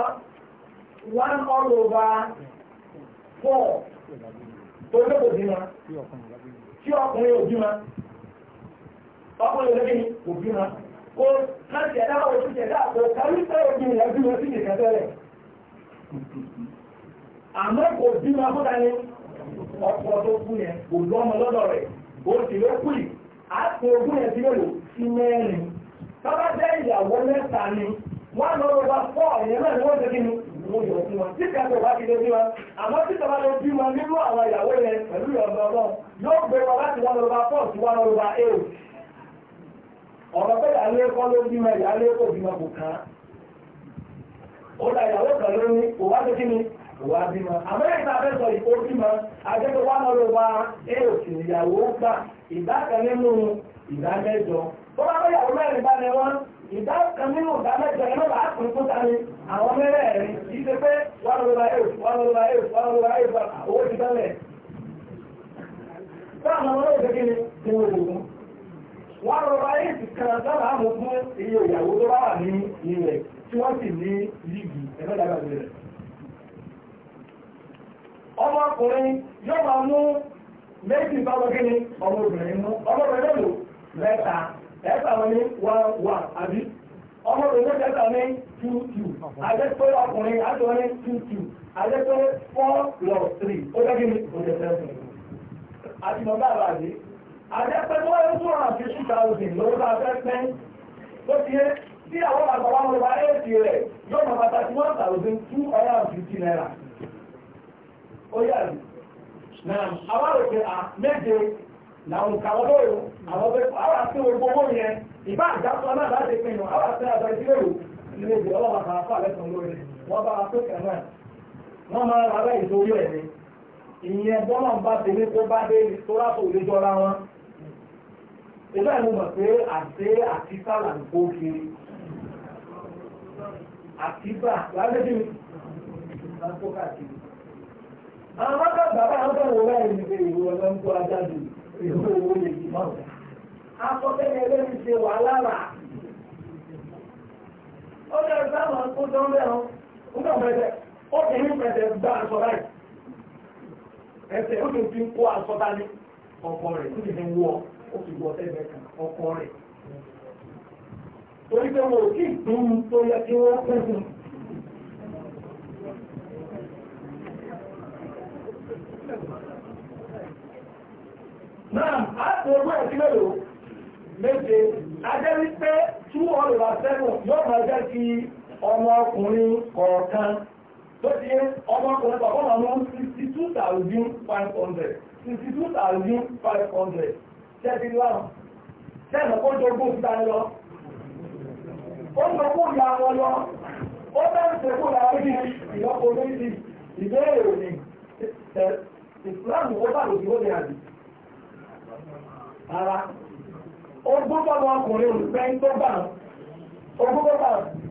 one all over four tó lóko bímọ tí ọkùnrin òbí ma ọkùnrin òbí òbí ma kó láti ẹ̀dá ọ̀rọ̀ tó ṣẹ̀dá àpò kárí pé òbí rẹ̀ bí wọ́n sí nìkan tẹ́lẹ̀ àmọ́ kò bí ma fún dání ọkọ̀ tó kú yẹn kò lọ́mọ lọ́dọ̀ rẹ̀ ó sì ló kú yìí àpò ogún yẹn ti lò sí mẹ́rin tọ́ba jẹ́ ìyàwó mẹ́ta ni wọ́n lọ́wọ́ bá fọ́ ọ̀yẹ́ náà wọ́n ti kí ni mú yàn wọn. Títí àti ọ̀bá ti lè bí wọn. Àmọ́ títí ọba lè bí wọn nínú àwọn ìyàwó yẹn pẹ̀lú ìyọ̀ǹda náà yóò gbé wọn láti wọn lọ́ba four sí wọn lọ́ba eight. Ọ̀rọ̀ pé ló bí wọn bí wọn kò kàn án. Ó ìyàwó kan ló ní òwá tó kí ni òwá bí wọn. Àmọ́ fẹ́ sọ ìkó bí wọn àjẹpẹ́ wọn lọ́ba eight ìyàwó gbà ìdá ìdá kan nínú ìdá mẹ́jọ iná bá pè fún tani àwọn mẹ́rẹ̀ẹ̀rin kì í ṣe pé wà lóra èèf wà lóra èèf wà lóra èèf owó ti tẹ́lẹ̀. táwọn ọmọ náà ṣe kí ni ní òògùn wà lóra èèf kan sábà mú fún iye ìyàwó tó bá wà ní ilẹ̀ tí wọ́n sì ní yígi ẹ̀fẹ́ dàgbàgbé rẹ̀. ọmọkùnrin yóò máa mú méjì bá wọ́n kí ni ọmọbìnrin mú ọmọbìnrin mélòó mẹ́ta ẹ̀ẹ́fà wọn ní one one àbí ọmọ òṣèlú kẹta ní two two àjẹpẹ́ ọkùnrin àti wọn ní two two àjẹpẹ́ four plus three ó dẹ́gbẹ́ ní oṣù seven àti bàbá àbàdé àjẹpẹ́ tó wáyé two hundred and fifty thousand lówó bá fẹ́ pẹ́ tó ti yẹ tí àwọn bàbá wa wọ wá éèdì rẹ̀ yóò mọ bàtà tí one thousand two hundred fifty naira ó yàrá náà àwọn òkè à méje na ìkàwọ́dọ̀ rò àwọn ọ̀fẹ́ àwọn àti yẹn ìbá àjásọ náà pinnu àwọn àti àjọ afọ àlẹ́sàn lórí wọ́n bá tó kẹ̀ náà wọ́n máa ra aláì torí ẹ̀ ni ìyẹn bọ́lá ń bá tèmi kó bá dé lè jọra wọn. mọ̀ pé àti ń kó kiri mi ń kó káàkiri. àwọn bàbá àwọn ẹ̀ ìlú owó lè jù ṣe wà lára. Ó lè sáwọn tó jọ ń bẹ̀rù. Ó kàn bẹ̀rẹ̀ obìnrin bẹ̀rẹ̀ gba aṣọ báyìí. Ẹsẹ̀ ó fi kó aṣọ dání. Ọkọ rẹ̀ tó ti fi wọ ó ti wọ ẹgbẹ́ kan ọkọ rẹ̀. Torí pé wọn ò ì tó yẹ kí wọ́n un. Thank náà á ti ogún ẹ̀ sílẹ̀ lò méje ajẹ́ two hundred and seven yóò máa jẹ́ ti ọmọ ọkùnrin kọ̀ọ̀kan tó ti ọmọ ọkùnrin sixty two thousand five hundred sixty two thousand five hundred thirty one sẹ́nu kó jogún síta lọ ó ń gbogbo ìyá wọn lọ ó bẹ́ẹ̀ ṣe kó yàrá ní ìlọ́po méjì ìbéèrè òní ìsìláàmù ó bá lòdì ó ní àdìsí ara ogún bọ́ọ̀lù ọkùnrin olùfẹ́ tó gbà ogún bọ́ọ̀lù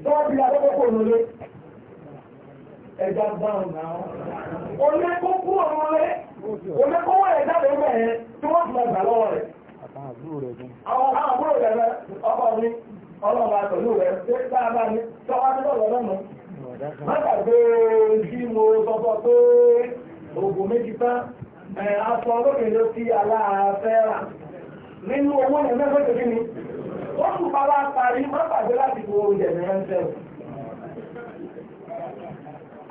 tó wọ́n fi adọ́gbọ́kọ̀ ònúlé ẹja dáhùn náà olékókú ònúlé olékówó ẹ̀dá lè bẹ̀rẹ̀ tí wọ́n ti gbà lọ́wọ́ rẹ̀ àwọn àbúrò rẹ̀ rẹ̀ ọkọ̀ mi ọlọ́ọ̀bà pẹ̀lú rẹ̀ pé dáadáa ní tọ́wọ́ tí lọ́wọ́ lọ́nà mọ́tà pé bí mo sọ́tọ́ pé oògùn méjì tán aṣọ olókèlè sí aláàfẹ́ nínú owó ní mẹ́fẹ́tẹ̀ kí ni ó sì bá parí má pàdé láti fi oúnjẹ mìíràn jẹ́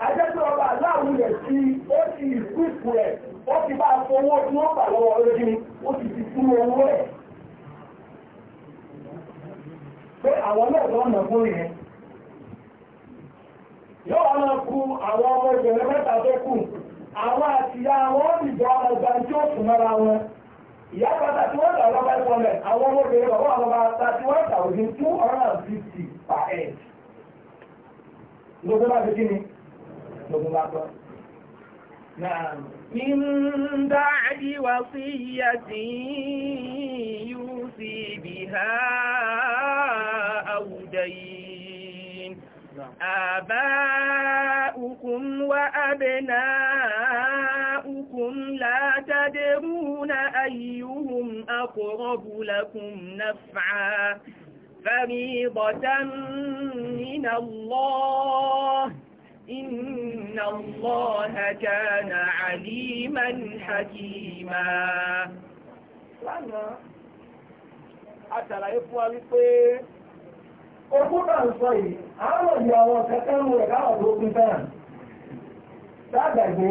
ajẹ́sí ọba aláwọ̀ tí ó ti ìpínpù rẹ̀ ó ti bá fowó tí ó bà lọ́wọ́ lójú ó ti ti fún owó rẹ̀ pé àwọn náà lọ́nà fún yẹn yóò ku àwọn ọmọ ìbẹ̀rẹ̀ mẹ́ta tó kù àwọn àtìyá wọn ọgbà tí ó sùn mọ́ra wọn ìyá bàtà tí wọ́n tà lọ́ba ẹ̀ wọlé àwọn ọmọbìnrin bàbá àwọn ọba thirty one thousand two hundred and fifty per head. bá ti kí ni bá tọ́. من بعد وصية يوصي بها أنتم لا تدرون أيهم أقرب لكم نفعا فريضة من الله إن الله كان عليما حكيما lánàá àtàlàyé fún wa wípé ogún náà ń sọ yìí àwọn ìyàwó kẹkẹrù rẹ̀ káwọn tó kún fẹ́ràn lágbàgbé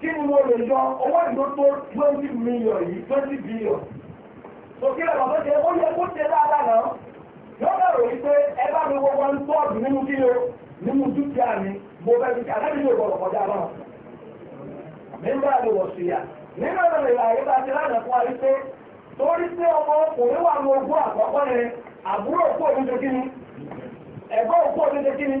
kí ni mo lè yọ owó ìdótó twenty million yìí twenty billion òkè ọ̀rọ̀ tó ó yẹ kó ṣe dáadáa náà yóò bẹ̀rù yìí pé ẹ bá mi wọ one third nínú kí o nínú dúkìá mi mo bẹ fi mi ò kọjá náà nígbà mi wọ̀ sí ya nínú bá ti fún wa yìí pé torí pé ọmọ wà ní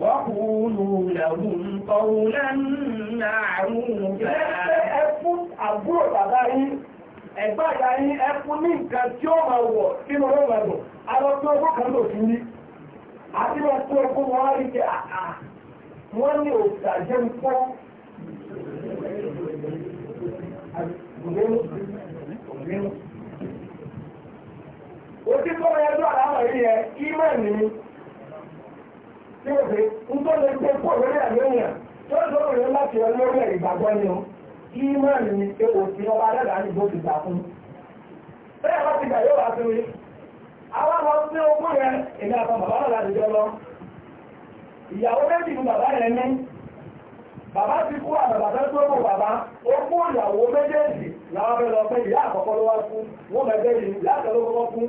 وقولوا لهم قولا معروفا ẹfún àbúrò bàbá yín ẹ̀gbá ìyá yín ẹfún ní nǹkan tí ó máa wọ̀ sínú ọ̀rọ̀ ẹ̀dùn alọ́tún ogún kan lò sí ní àti lọ sí ogún wọn rí jẹ àà wọ́n ní òkúta tí ó ṣe tó lè pé pọ̀ lórí àníyàn tó ń lọ́rùn láti ọ lórí ẹ̀ ìgbàgbọ́ ni o kí máa ní tí ọba alẹ́dàá ní bó ti gbà fún. bẹ́ẹ̀ bá ti gbà yóò wá sí mi àwọn ọmọ tí ó kú èmi àtọ bàbá náà láti jọ lọ ìyàwó méjì ni bàbá yẹn ní bàbá ti kú àbàbà tó tó bàbá ó kú ìyàwó méjèèjì làwọn lọ pé ìyá àkọ́kọ́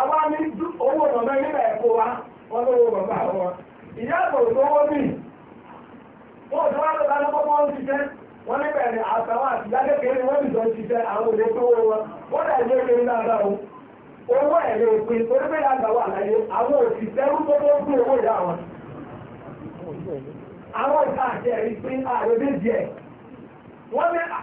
àwa ní owó ẹ̀kọ́ wa wọ́n lówó bàbá wọn ìyá àgbòrò tó wọ́n mì wọ́n tó wá lọ́pọ̀ ń ṣiṣẹ́ wọ́n àtàwọn àti ni wọ́n ti jọ ṣiṣẹ́ àwọn òde tó wọ́n wọn wọ́n dà o owó ẹ̀rẹ̀ òpin onígbè àgbàwọ̀ àlàyé àwọn òṣìṣẹ́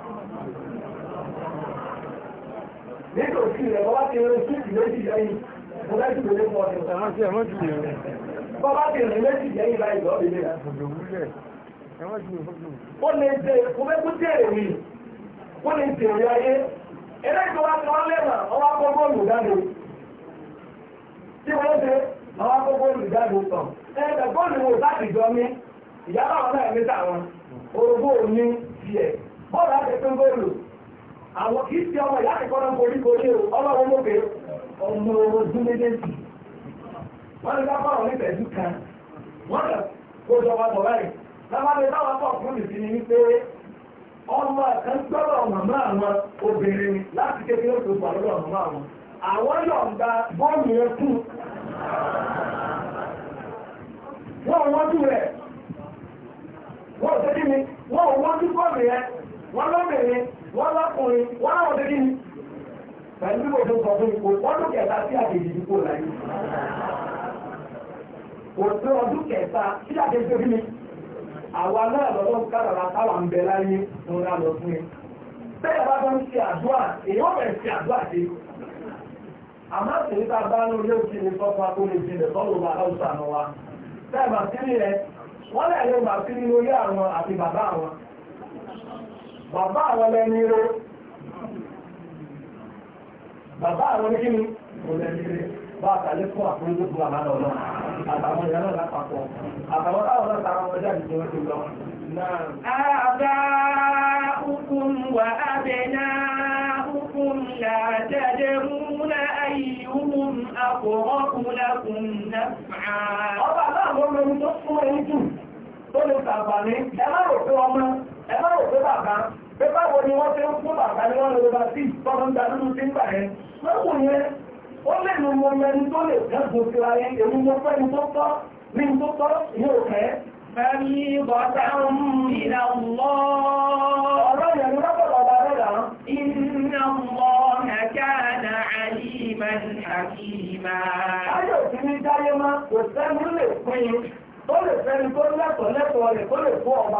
e rẹ̀ bọ́bá sí na rẹ̀ bọ́bá ti rẹ̀ lẹ́jì lẹ́yìn láì lọ́bìnrin rẹ̀ ó lè ṣe ìfúnmẹ́kúté èrè ó lè ṣe èrè ayé ẹlẹ́gbẹ̀wá kan láti jọ ní náà ní bọ́ọ̀lù pín àwọn kìí sí ọmọ ìyá ìkọ́nà koríkorí o ọlọ́run ló pé ọmọ ọdún méjèèjì wọ́n lè dápọ̀ kan wọ́n kó jọba báyìí pọ̀ fún mi sí ni wípé ọmọ kan gbọ́dọ̀ màmá àwọn obìnrin láti kékeré lọ́dọ̀ màmá àwọn àwọn bọ́ọ̀lù yẹn kú wọ́n wọ́n rẹ̀ wọ́n ò tẹ́jú mi wọ́n ò wọ́n bọ́ọ̀lù yẹn wọ́n wọ́n lọ́kùnrin wọ́n láwọn tó pẹ̀lú bí mo sọ fún ipò wọ́n tó kẹta sí àkejì ìdíkò láyé kò tó ọdún kẹta sí àkejì tó àwa náà lọ́wọ́ táwa ń bẹ láyé lọ fún bẹ́ẹ̀ bá tán àdúrà èyí àdúrà dé àmọ́ bá ní òkè ní akóni wa bẹ́ẹ̀ sí ní rẹ̀ wọ́n lẹ́yìn bá sí ní orí àwọn bàbá àwọn lẹ́ni rẹ̀ bàbá àwọn ní kíni kò lẹ́ni rẹ̀ bá àtàlẹ́ fún tó fún àmàlà ọ̀nà àtàwọn ìyá náà lápapọ̀ àtàwọn táwọn náà tara wọn jáde tó ti lọ. ọba àbá àwọn ọmọ ẹni tó fún ẹni jù tó lè ẹ má rò pé bàbá pé báwo ni wọ́n ṣe ń fún bàbá ni wọ́n lọ bá sí ìtọ́nà da lúlu sí ń gbà yẹn lọ́wọ́ yẹn ó lè nu mo mẹni tó lè dẹ́gun sí ayé èmi mo fẹ́ ni tó tọ́ ní tó tọ́ yóò fẹ́. Fẹ́líbọ̀tà ìnà mọ́. Ọ̀rọ̀ yẹn ni wọ́n bọ̀rọ̀ ọba rẹ̀ dàn. Iná mọ́ Nàkàna Àlìmọ̀ Àkìmá. Ayọ̀ sí ní Dáyé máa kò sẹ́ni lè pín in. Ó lè fẹ́ni tó lẹ́tọ̀ọ́ lẹ́tọ̀ọ́ lè fún ọba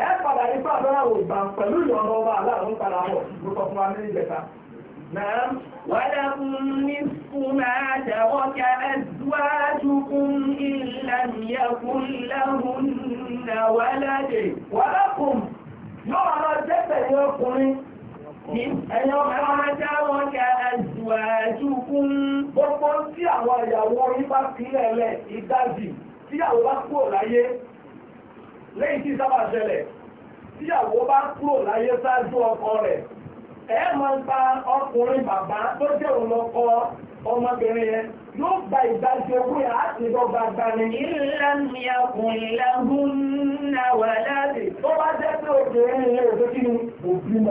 ẹ padà ní pàdánù àwògbà pẹ̀lú ìyọ̀nà ọba aláàrùn padà bọ̀ lókọ̀ fún wa ní ìjẹta. ولهم نصف ما ترك أزواجكم إن لم يكن لهن ولد yóò máa jẹ́ pẹ̀lú ọkùnrin ẹ̀yọ́ máa jáwọ́ kẹ ẹ̀sùn ẹ̀ẹ́dùkún gbogbo tí àwọn ìyàwó yín bá fi lẹ̀lẹ̀ ìdájì tí bá kúrò láyé lẹ́yìn tí sábà ṣẹlẹ̀ tíyàwó bá kúrò láyé ṣáájú ọkọ rẹ̀ ẹ máa ń gba ọkùnrin bàbá tó jẹ́ òun lọ́kọ ọmọbìnrin yẹn yóò gba ìdájọ́ owó yà á ti lọ gbàgbà ni. ìlànà ọkùnrin lẹ́hùn náà wà láti. tó bá jẹ́ pé obìnrin yẹn ò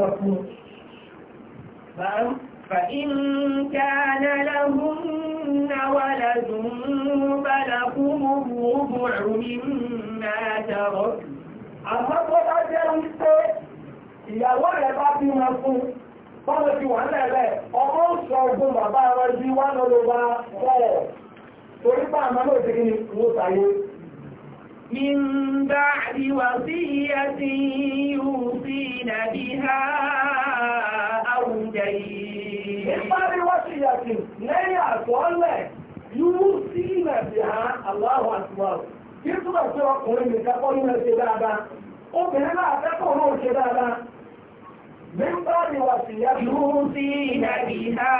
فإن كان لهن ولد فلكم الربع مما ترك àmọ́ tó bá jẹ́ wípé ìyàwó rẹ̀ bá bí wọn fún bọ́lọ̀ ti wà lẹ́lẹ̀ ọmọ òṣù ọgbọ́n bàbá wọn bí wọ́n lọ́lọ́wọ́ pọ̀ torípa àmọ́ lóòtí kí ni wọ́n sáyé من بعد وصية يوصين بها أو دين من بعد وصية لا يأتولى يوصين بها الله أكبر kí túbọ̀ tí ọkùnrin nìkan kọ́ ní ẹ̀ṣẹ̀ dáadáa obìnrin náà akẹ́kọ̀ọ́ náà ṣe dáadáa mímbá ni wà sí yá. yóò sí ìdàgbì náà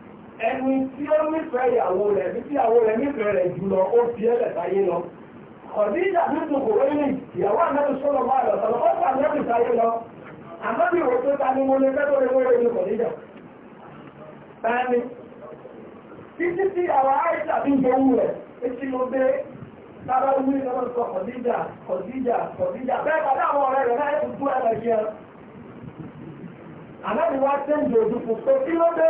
ẹni tí ó nífẹ̀ẹ́ ìyàwó rẹ̀ bí tí ìyàwó rẹ̀ nífẹ̀ẹ́ rẹ̀ jùlọ ó fi ẹ̀lẹ̀ táyé lọ ọ̀díjà ní tòkò ẹni ìyàwó àmẹ́rin sọ́lọ̀ máa lọ sọ́lọ̀ ó fà mẹ́rin táyé lọ àmọ́bí ìwò tó ta ni mo lè fẹ́ tó lè wọ́n ní ọ̀díjà tani títí tí àwọn àìsà bí gbowó rẹ̀ etí ló dé tára wí lọ́wọ́ sọ ọ̀díjà ọ̀díjà ọ̀díjà bẹ́ẹ̀ pàdé àwọn ọ̀rẹ́ rẹ̀ láì fún ẹ̀rẹ̀ yẹn àmọ́bí wá tẹ́ǹdì òdùkú pé kí ló dé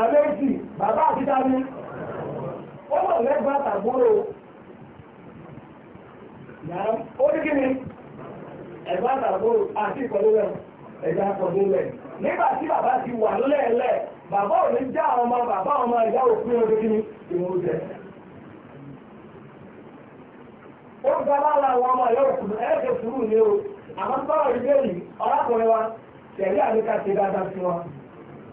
àmẹ́jì bàbá àti dání ó mọ̀ lẹ́gbàá tàbúrò ó ní kíni ẹ̀gbá tàbúrò àti ìkọlẹ́lẹ̀ ẹ̀gbá kọlẹ́lẹ̀ nígbà tí bàbá ti wà lẹ́ẹ̀lẹ̀ bàbá ò ní já ọmọ bàbá ọmọ ìyá òfin ọdún kíni ìwọ̀n ó lára àwọn ọmọ sùúrù o àwọn tọ́rọ̀ ìgbé yìí wa tẹ̀lé dáadáa sí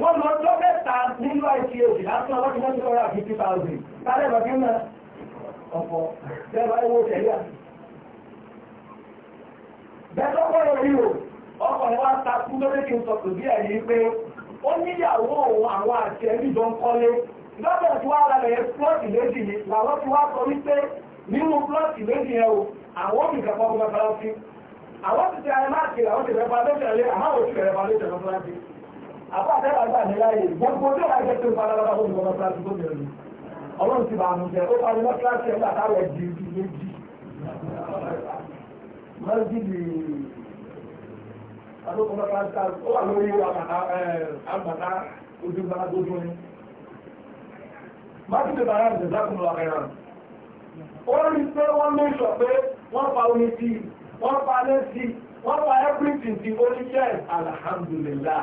wọ́n lọ ọjọ́ mẹ́ta nínú àìsí èdè láti ọlọ́dún lọ́rọ̀ àti two thousand tálẹ̀ bàbá ọ̀pọ̀ bẹ́ẹ̀ owó tẹ̀lé bẹ́ẹ̀ lórí o ọkọ̀ wa ta lórí kí n sọ pé bí ẹ̀yìn pé ó níyàwó àwọn àti jọ ń kọ́lé tí plọ́ọ̀tì méjì ni làwọn àwọn òbí kẹfọ́ mẹ́fà àwọn ti ti làwọn ti rẹ̀ àbáṣẹ́ àgbà mi láyè gbogbo tó wà jẹ́ pé balabala ó ní ọmọ kíláàsì tó bẹ̀rẹ̀ mi ọlọ́run ti bá mi jẹ ó parí mọ́ kíláàsì ẹgbà táwọn ẹ̀dì ìdí méjì mọ́sídì àdókòó mọ́ kíláàsì ó wà lórí àgbàtà ojú gbàgbà tó tún ní. mọ́sídì bàrà ń dẹ̀dá kùn lọ àkàrà ó rí pé wọ́n lè sọ pé wọ́n pa omi sí wọ́n pa lẹ́sí wọ́n pa everything sí oníṣẹ́ alhamdulillah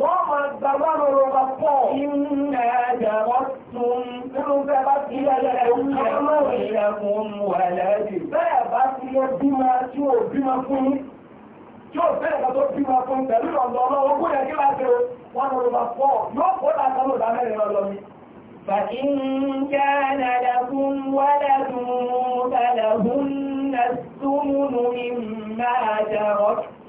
wọ́n máa gbàgbá lọ́rọ̀ wa pọ̀. iná jàwọ́ tún. nínú bẹ́ẹ̀ bá ti yẹ ẹ̀rù ẹ̀rù ìlẹ̀kùn wẹ̀lẹ́dì. bẹ́ẹ̀ bá ti yẹ bímọ tí ò bímọ fún yóò bẹ́ẹ̀ kan tó bímọ fún pẹ̀lú ọ̀dọ́ ọlọ́wọ́ bóyá kí láti wọn lọ́rọ̀ wa pọ̀ yóò kó láàkán lọ́dà mẹ́rin lọ́dọ̀ mi. فإن كان لكم ولد فلهن الثمن مما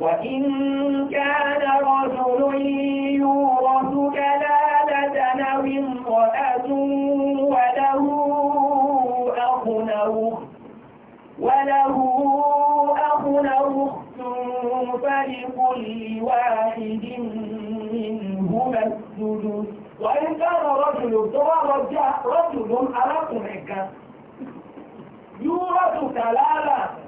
وإن كان رجل يورث كلالة أو امرأة وله أخ وله أخ أخت فلكل واحد منهما السدس وإن كان رجل ترى رجل أراكم حكا يورث كلالة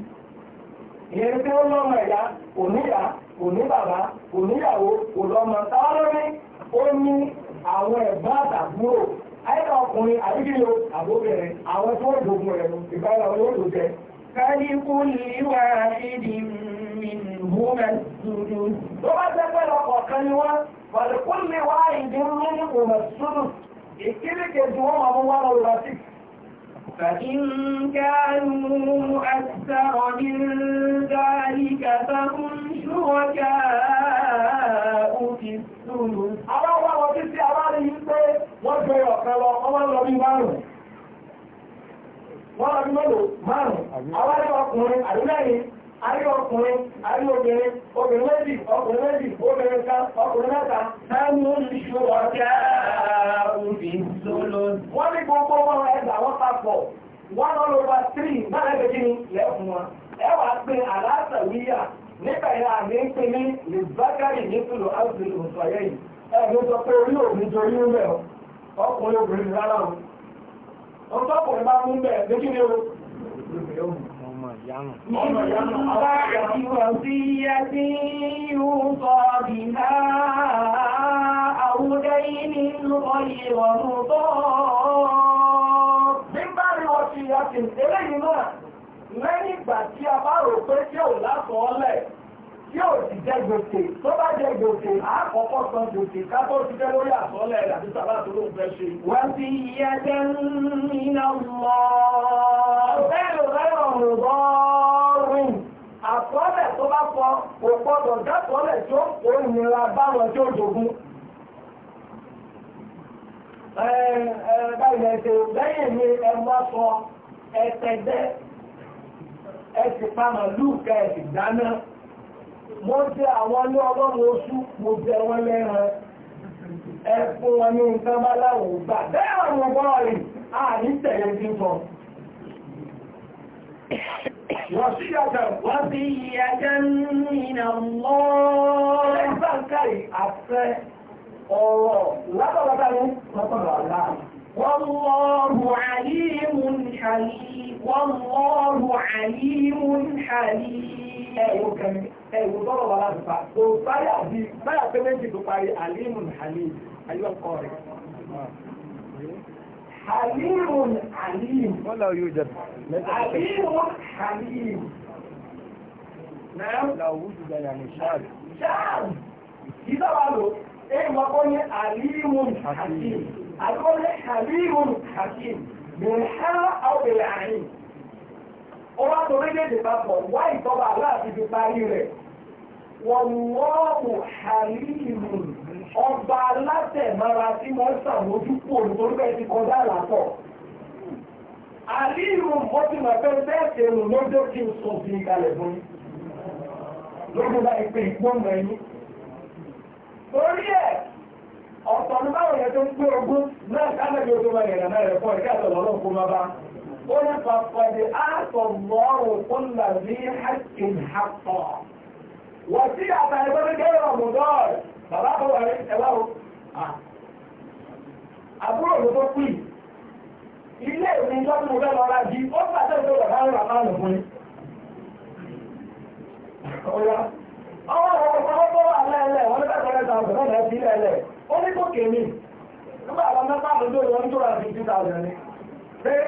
ìyẹn tí ó lọ́mọ ìyá kò níyà kò ní bàbá kò níyàwó kò lọ́mọ táwọn lórí ó ní àwọn ẹ̀gbọ́n àtàbúrò àyíká ọkùnrin àbíkílò àbóbìnrin àwọn tó dògùn rẹ̀ nù ìbára wọn yóò lò jẹ. kálíkù líwà ìdí mìíràn dúdú. tó bá jẹ́ pé lọ́kọ̀ kan ni wọ́n wàlúkú líwà ìdí mìíràn dúdú. ìkíríkejì فإن كانوا أكثر من ذلك فهم شركاء في الثلث àwọn ọmọ ọmọ títí àbárí yìí pé wọ́n gbé ọ̀kan lọ ọkùnrin àdúgbẹ́yìn ọkùnrin àrí obìnrin obìnrin ká ọkùnrin mẹ́ta sáà ní ó ń wọ́n ní gbogbo wọn ẹgbà wọ́n papọ̀ one all over three náà lẹ́gbẹ̀ẹ́ kí ni lẹ́fún wọn ẹ wà pé aláṣà wíyà nígbà yẹn àmì ń pè ní lùbákàrì nípìnlẹ̀ áùsìlì òṣùwàyẹ̀ yìí ẹ̀mí sọ pé orí òbí torí ń bẹ̀ ọkùnrin obìnrin rárá o ọkùnrin bá mú bẹ̀ méjì ni o lùbẹ̀ òmù yánà. Nígbà tí kò sí ẹbí yúkọ bí náà àwúdẹ́ ní ọyẹ ọ̀run tó. Nígbà tí wọ́n ti yàtì eléyìí náà lẹ́yìn ìgbà tí a bá rò pé tí ò lásọ̀ọ́lẹ̀ yóò sì jẹ gbèsè tó bá jẹ gbèsè àkọ́kọ́ san gbèsè kátó ti jẹ lórí àsọlẹ̀ àti sábà tó ló ń fẹ́ ṣe. wọ́n ti yẹ jẹ́ nínú lọ. bẹ́ẹ̀ ló rẹ́rọ̀ rọ̀rùn àsọlẹ̀ tó bá kọ kò gbọdọ̀ jásọlẹ̀ tó kò nira báwọn tó jogun. báyìí ẹ̀sẹ̀ lẹ́yìn mi ẹ má sọ ẹ̀sẹ̀ dẹ́ ẹ̀sìn pa màlúù kẹ́ ẹ̀sìn dáná mo jẹ àwọn ní ọgọ́rùn oṣù mo jẹ wọn lẹ́ran ẹ fún wọn ní nǹkan bá láwọn gbà bẹ́ẹ̀ àwọn bọ́ọ̀lì àní tẹ̀lé ti sọ wọ́n sí ìyàjẹ́ nínú lọ́ọ́ ẹgbẹ́ káì àfẹ́ ọ̀rọ̀ látọ̀lọ́tà ní látọ̀lọ́ aláà والله عليم حليم والله عليم حليم ẹ̀wò gan ẹ̀wò tọ́rọ̀ wà láti pa kò báyà bí báyà pé méjì tó parí alimun halim ayọ́kọ̀ rẹ̀ halimun halim wọ́lá yóò jẹ́ halimun halim náà láwùjọ gbàyà ní ṣáàlì ṣáàlì ìdáwà lò ẹ̀wọ̀n kọ́ ní alimun halim àkọ́lé halimun halim bẹ̀rẹ̀ àwọn bẹ̀rẹ̀ àárín ó wá tó méjèèjì papọ̀ wá ìtọ́ba aláàfin ti parí rẹ̀ wọ́n lọ́ọ̀mù hàlíìlù ọba alátẹ̀mára tí wọ́n ṣàmójúkú olùkórúkẹ́ ti kọjá àlàtọ̀ àlíìlù wọ́n ti mọ̀ pé bẹ́ẹ̀ ṣe lò lójó kí n sùn sí ìkàlẹ̀ fún lójú bá ìpè ìgbọ́n mọ̀ ẹ̀yìn torí ẹ̀ ọ̀tọ̀ ní báwọn yẹn tó ń gbé ogún náà ká قل فقد أعطى الله كل ذي حق حقا وسيع فهذا غير مضار فراحوا عليه سواهم àbúrò ló tó pì ilé ìwé ìjọba mo fẹ́ lọ ra di ó pàṣẹ tó lọ láwọn bàbá rẹ̀ fún mi. ọwọ́ àwọn ọmọ ọmọ wà lẹ́lẹ̀ wọ́n nígbà tó lẹ́ta ọ̀sẹ̀ náà lẹ́sí lẹ́lẹ̀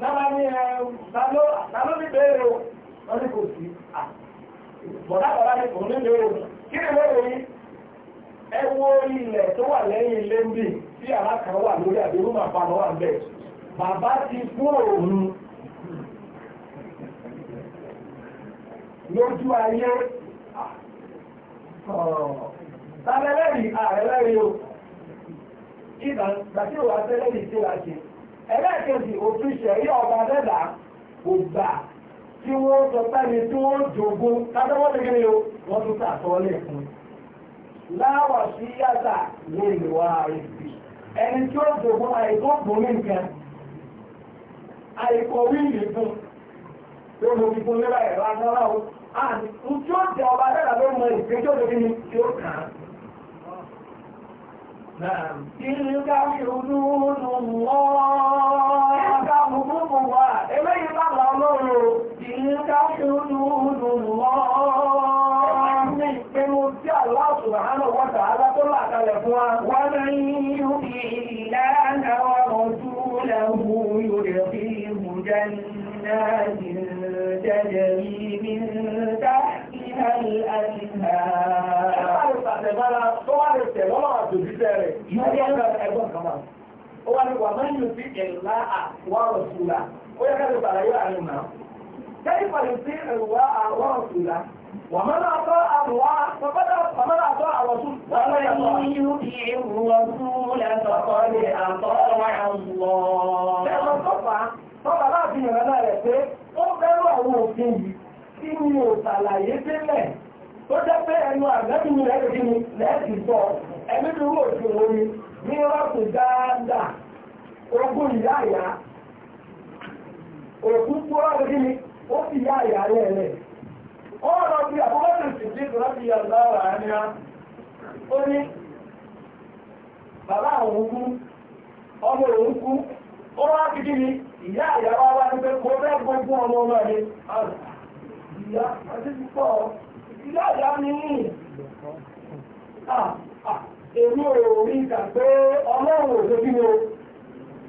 náà ní ẹ̀rọ ní bẹ́ẹ̀rẹ̀ o wọ́n ní kò sí bọ̀dá bọ̀dá ní kò ní lérò kí ni lérò yìí ẹ wo ilẹ̀ tó wà lẹ́yìn ilé ń bì tí alákan wà lórí àdéhùn máa pa lọ́wọ́ àbẹ̀ bàbá ti fún òun lójú ayé tàbẹ́lẹ́rì ààrẹ lẹ́rìí o ìgbà tí ó tẹ́lẹ́rì tí ó ṣe ẹlẹ́ẹ̀kejì òfin ṣẹ̀rí ọba dẹ́dà kò gbà tí wọ́n sọ pẹ́ni tí wọ́n o wọ́n tún sàtọ́lẹ̀ fún láwọ̀ sí yàtà lè lè wá ẹni tí ó àìkó nǹkan àìkó wíìlì fún tó fún o àti tí ó jẹ ọba dẹ́dà ló mọ tí ó kàn án. الإلاء ورسولا ويقول كيف يطيع jẹ́ ní wọ́n dáadáa ogún ìyá àyà òkú tó rárá gíní ó fi ìyá rẹ̀ rẹ̀ ó bí àbúrọ́dù sì sí ndị fi yà lára bàbá àwọn òkú ọmọ òkú ó wá fi gíní ìyá àyà wá wá ní pé kò bẹ́ẹ̀ gbogbo ọmọ ọmọ mi ìyá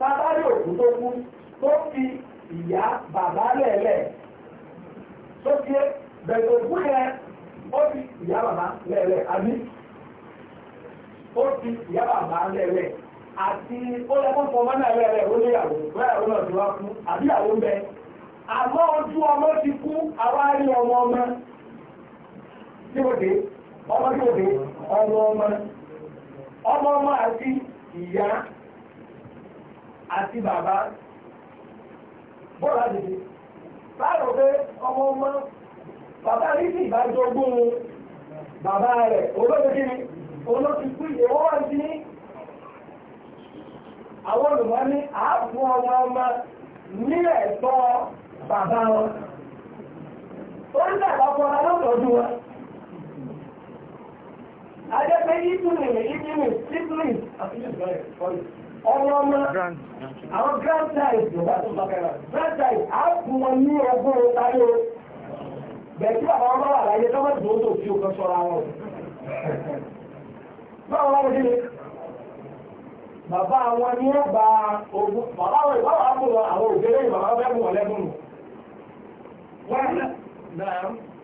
sábàárì òkú tó kú tó fi ìyá bàbá lẹ̀lẹ̀ tó fi bẹ̀rẹ̀ òkú yẹn ó fi ìyá bàbá lẹ̀lẹ̀ àbí ó fi ìyá bàbá lẹ̀lẹ̀ àti ó lẹ́kọ́ fọmọ́ náà lẹ́rẹ̀ ó lé àwọn ìgbéyàwó náà ti wá kú àbí àwọn bẹ àmọ́ ojú ọmọ ti kú àwárí ọmọ ọmọ ọmọ àti bàbá bọ́ọ̀lù àdìdì láàrọ̀ pé ọmọ ọmọ bàbá rí sí bàbá rẹ̀ olóògbé kí ni olóògbé kú sí àwọn ní ààbò ọmọ ọmọ ní ẹ̀tọ́ bàbá wọn ó ń dàgbà àti ọwọ́ ọmọ àwọn grand ló bá tó grand size á fún wọn ní ọgbọ́n táyé o bẹ̀ẹ́dì wà láyé tó tó fi kọ sọ́ra wọn. báwo wá ni bàbá wọn ni ó gba ogun bàbá wọn ìbáwọ̀ á lọ àwọn bàbá wọn mú wọn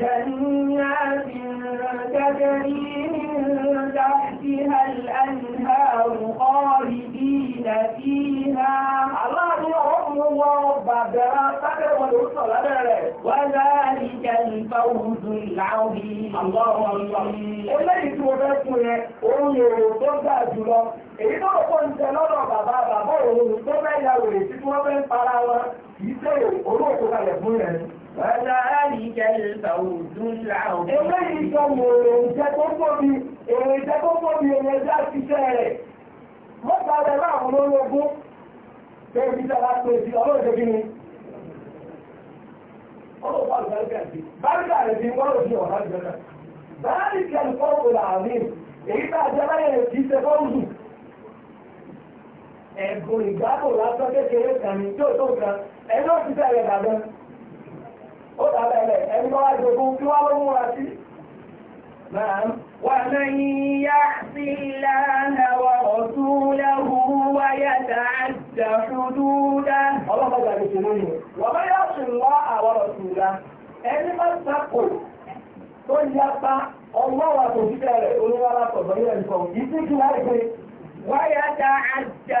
جنات تجري من تحتها الأنهار خالدين فيها الله يرحم ورب براسك والوصل وذلك الفوز العظيم الله أكبر eléyìí tí mo fẹ́ fún yẹn òun ni òun tó gbà jùlọ èyí tó lọ́pọ̀ ń tẹ lọ́dọ̀ bàbá bàbá òun tó fẹ́ ya wèrè tí wọ́n fẹ́ ń para wọn kì í sẹ́yìn olóòkú kalẹ̀ fún yẹn وذلك الفوز العظيم tó tóbi ti ọlọ́pàá kékeré tí ó tó kan ti fẹ́ rẹ̀ ó dàbẹ̀ rẹ̀ ẹni bá wá jogún kí wá ló múra sí. ومن يعص الله ورسوله ويتعد حدوده ومن يعص الله ورسوله ẹni bá sàkó tó yapa ọlọ́wà tó jíjẹ́ rẹ̀ olúwara sọ̀rọ̀ yẹn nǹkan ìdíjú láìpẹ́. wáyà tá a jà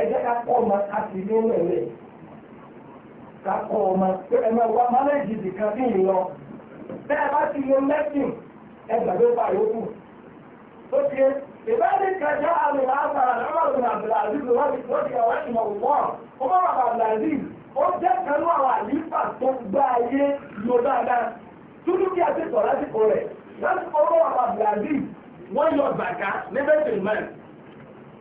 ẹgbẹ́ ká kọ́ ọmọ àti ní mẹ́rẹ̀ ká kọ́ ọmọ pé ẹ máa wá mánéjì nìkan bẹ́ẹ̀ bá ti lo mẹ́sìn ẹgbàdo pa yòókù ó ti ẹ ìbáde kẹjọ àmì láàbàrà lọ́wọ́rùn àbìlàzí lọ́dí ọ̀rẹ́ ìmọ̀ òwúrọ̀ ó bá bàbà àbìlàzí ó jẹ́ kanú àwọn àlífà tó gbá ayé lò dáadáa túdú kí a ti sọ lásìkò rẹ̀ lásìkò ó bá bàbà àbìlàzí wọ́n yọ bàkà ní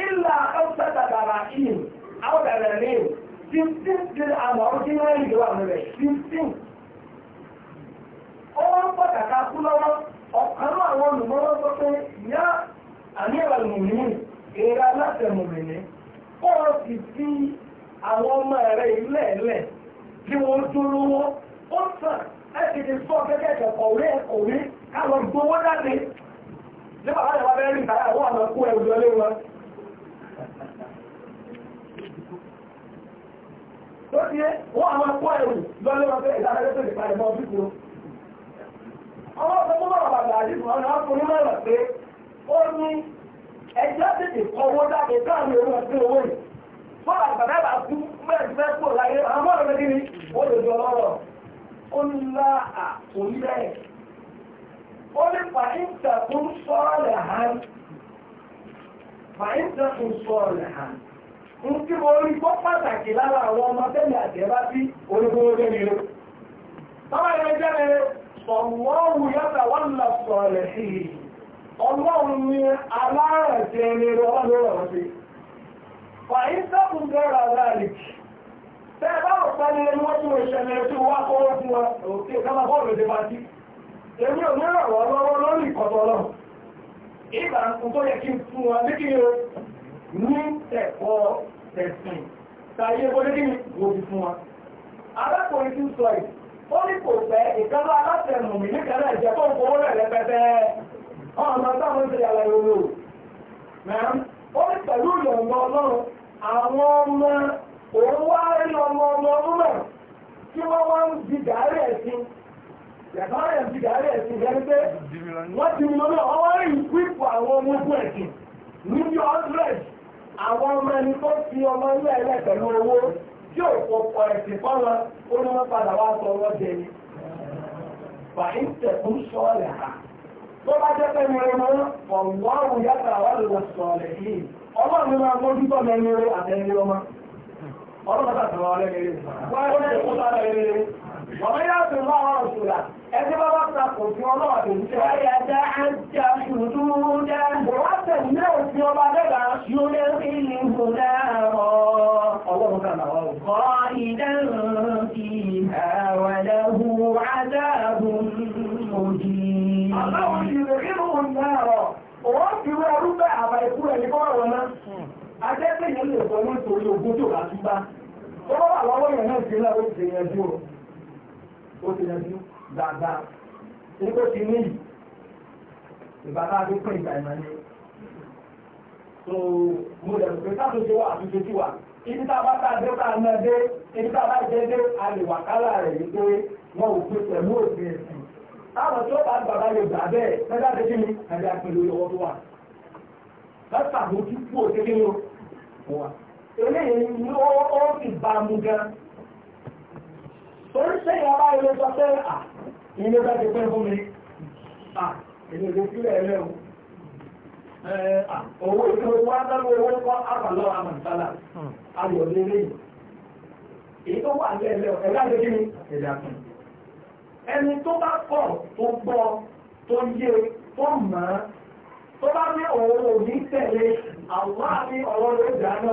ìlà ọ̀sẹ̀ta bàbá ìyìn àwọn ní 15 bí àmọ̀ ọdún náà ìlú àmì rẹ̀ 15 ó wọ́n pọ̀ kú lọ́wọ́ ọ̀kan àwọn olùmọ́wọ́ sọ pé yá sì fi àwọn ọmọ rẹ̀ wọ́n dúró wọ́n ó sàn ti sọ gẹ́gẹ́ káwọn gbowó tó ti yé wọ́n àwọn kọ́ ẹ̀rù lọ́lọ́wọ́ pé ìdánilẹ́sẹ̀ lè palẹ̀ mọ́ bí kúrò. àwọn ọ̀sẹ̀ tó bọ̀rọ̀ bàbá àdìsù ọ̀nà àkùnrin náà rẹ̀ pé ó ní ẹjọ́ tètè káàmì owó bọ́lá àgbàdá bá kú ọ̀rẹ́ sọ́ọ̀lẹ̀ hàn nke tí mo rí pataki pàtàkì lára àwọn ọmọ tẹ́lẹ̀ àjẹ́bá sí orígun orí nílò tọ́wọ́ ẹ̀rẹ́ jẹ́rẹ̀ sọ̀wọ́wù yọ́ta wọ́n lọ sọ̀rẹ̀ sí i ọlọ́run ni alárẹ̀jẹ́ nílò ọlọ́rọ̀ sí fàyí sẹ́kùn gẹ́rà láàrín tẹ́ bá fún òkè bọ́ọ̀lù bá èmi ò ní lórí ìgbà tó yẹ kí n fún ní ẹ̀kọ́ tẹ̀sìn tàyé bọ́lé gbòdì fún wa alákòrí tí ń sọ ó ní kò pẹ́ ìkábá alátẹ̀mù mi ní ìjẹ́kọ́ ìfowó rẹ̀ lẹ́pẹ́pẹ́ ọ̀nà di yàtọ̀ rẹ̀ ń di gàárì ẹ̀sìn pé wọ́n ti mú lọ́nà ọwọ́ ìkú ìpò àwọn ọmọ ogun ẹ̀sìn àwọn ọmọ ẹni tó fi ọmọ ilé ẹlẹ́ pẹ̀lú owó tí ò fò pọ̀ ẹ̀sìn fọ́nà ó ní wọ́n padà wá sọ ọwọ́ jẹ ni. Fàyín tẹ̀kún sọ́ọ̀lẹ̀ ha. Tó bá jẹ́ pé mi ọmọ ọ̀wọ́ àwọn yàtọ̀ àwọn àlùwọ̀ sọ̀ọ̀lẹ̀ yìí. Ọlọ́run máa mójú tọ́ mẹ́rin àtẹ̀yìn ọmọ. Ọlọ́run bá tàbí ọmọ ọlẹ́mẹ́rin. Wọ́n á Wọ́n yá fi máa wọ́n ṣùlá. Ẹgbẹ́ bá bá ta kò sí ọlọ́wà tó ń tẹ́. Wáyà dá ájá ṣùdú dá. Wọ́n tẹ̀lé òfin ọba dẹ́gbà yóò lé sí ìlú dáàrọ̀. Ọlọ́run kà náà wọ́n. Kọ́ ìdáhùn ti àwàdáhù àdáhùn òjì. Àbáwọn ìrẹ̀lú náà rọ̀. Òwọ́n fi wọ́n rúbẹ́ àbá ikú ó ti yanjú dáadáa ní kó ti níyì ìbára tó pín ìgbà ìmọ̀ ni so mo lè pè sáà tó ṣe wà àtúnṣe sí wa ibi tá a bá tá a dé tá a ná dé ibi tá a bá jẹ dé a lè wà kálá rẹ̀ yìí pé wọn ò pè pẹ̀lú òfin ẹ̀sìn táwọn tí ó bá gbàgbá lè gbà bẹ́ẹ̀ fẹ́lá ti kí ni ẹ̀dí àpèlú ìyọwọ́ tó wà lọ́sàmójú kú òṣèlú wa eléyìí ni ó ti bá mu gan torí sẹ́yìn ilé sọ à ilé bá ti pẹ́ fún mi à èdè ìlú sílẹ̀ ẹlẹ́ o owó ìlú wa lọ́wọ́ owó kọ́ àbàlọ́ àmàǹtálà hmm. ayọ̀ lélẹ̀ yìí èyí tó wà ní ẹlẹ́ ẹ̀dá lé kíni ẹ̀dá kan ẹni tó bá pọ̀ tó gbọ́ tó yé tó mọ̀ tó bá ní òun ò tẹ̀lé àwọn àmì ọ̀rọ̀ ló dáná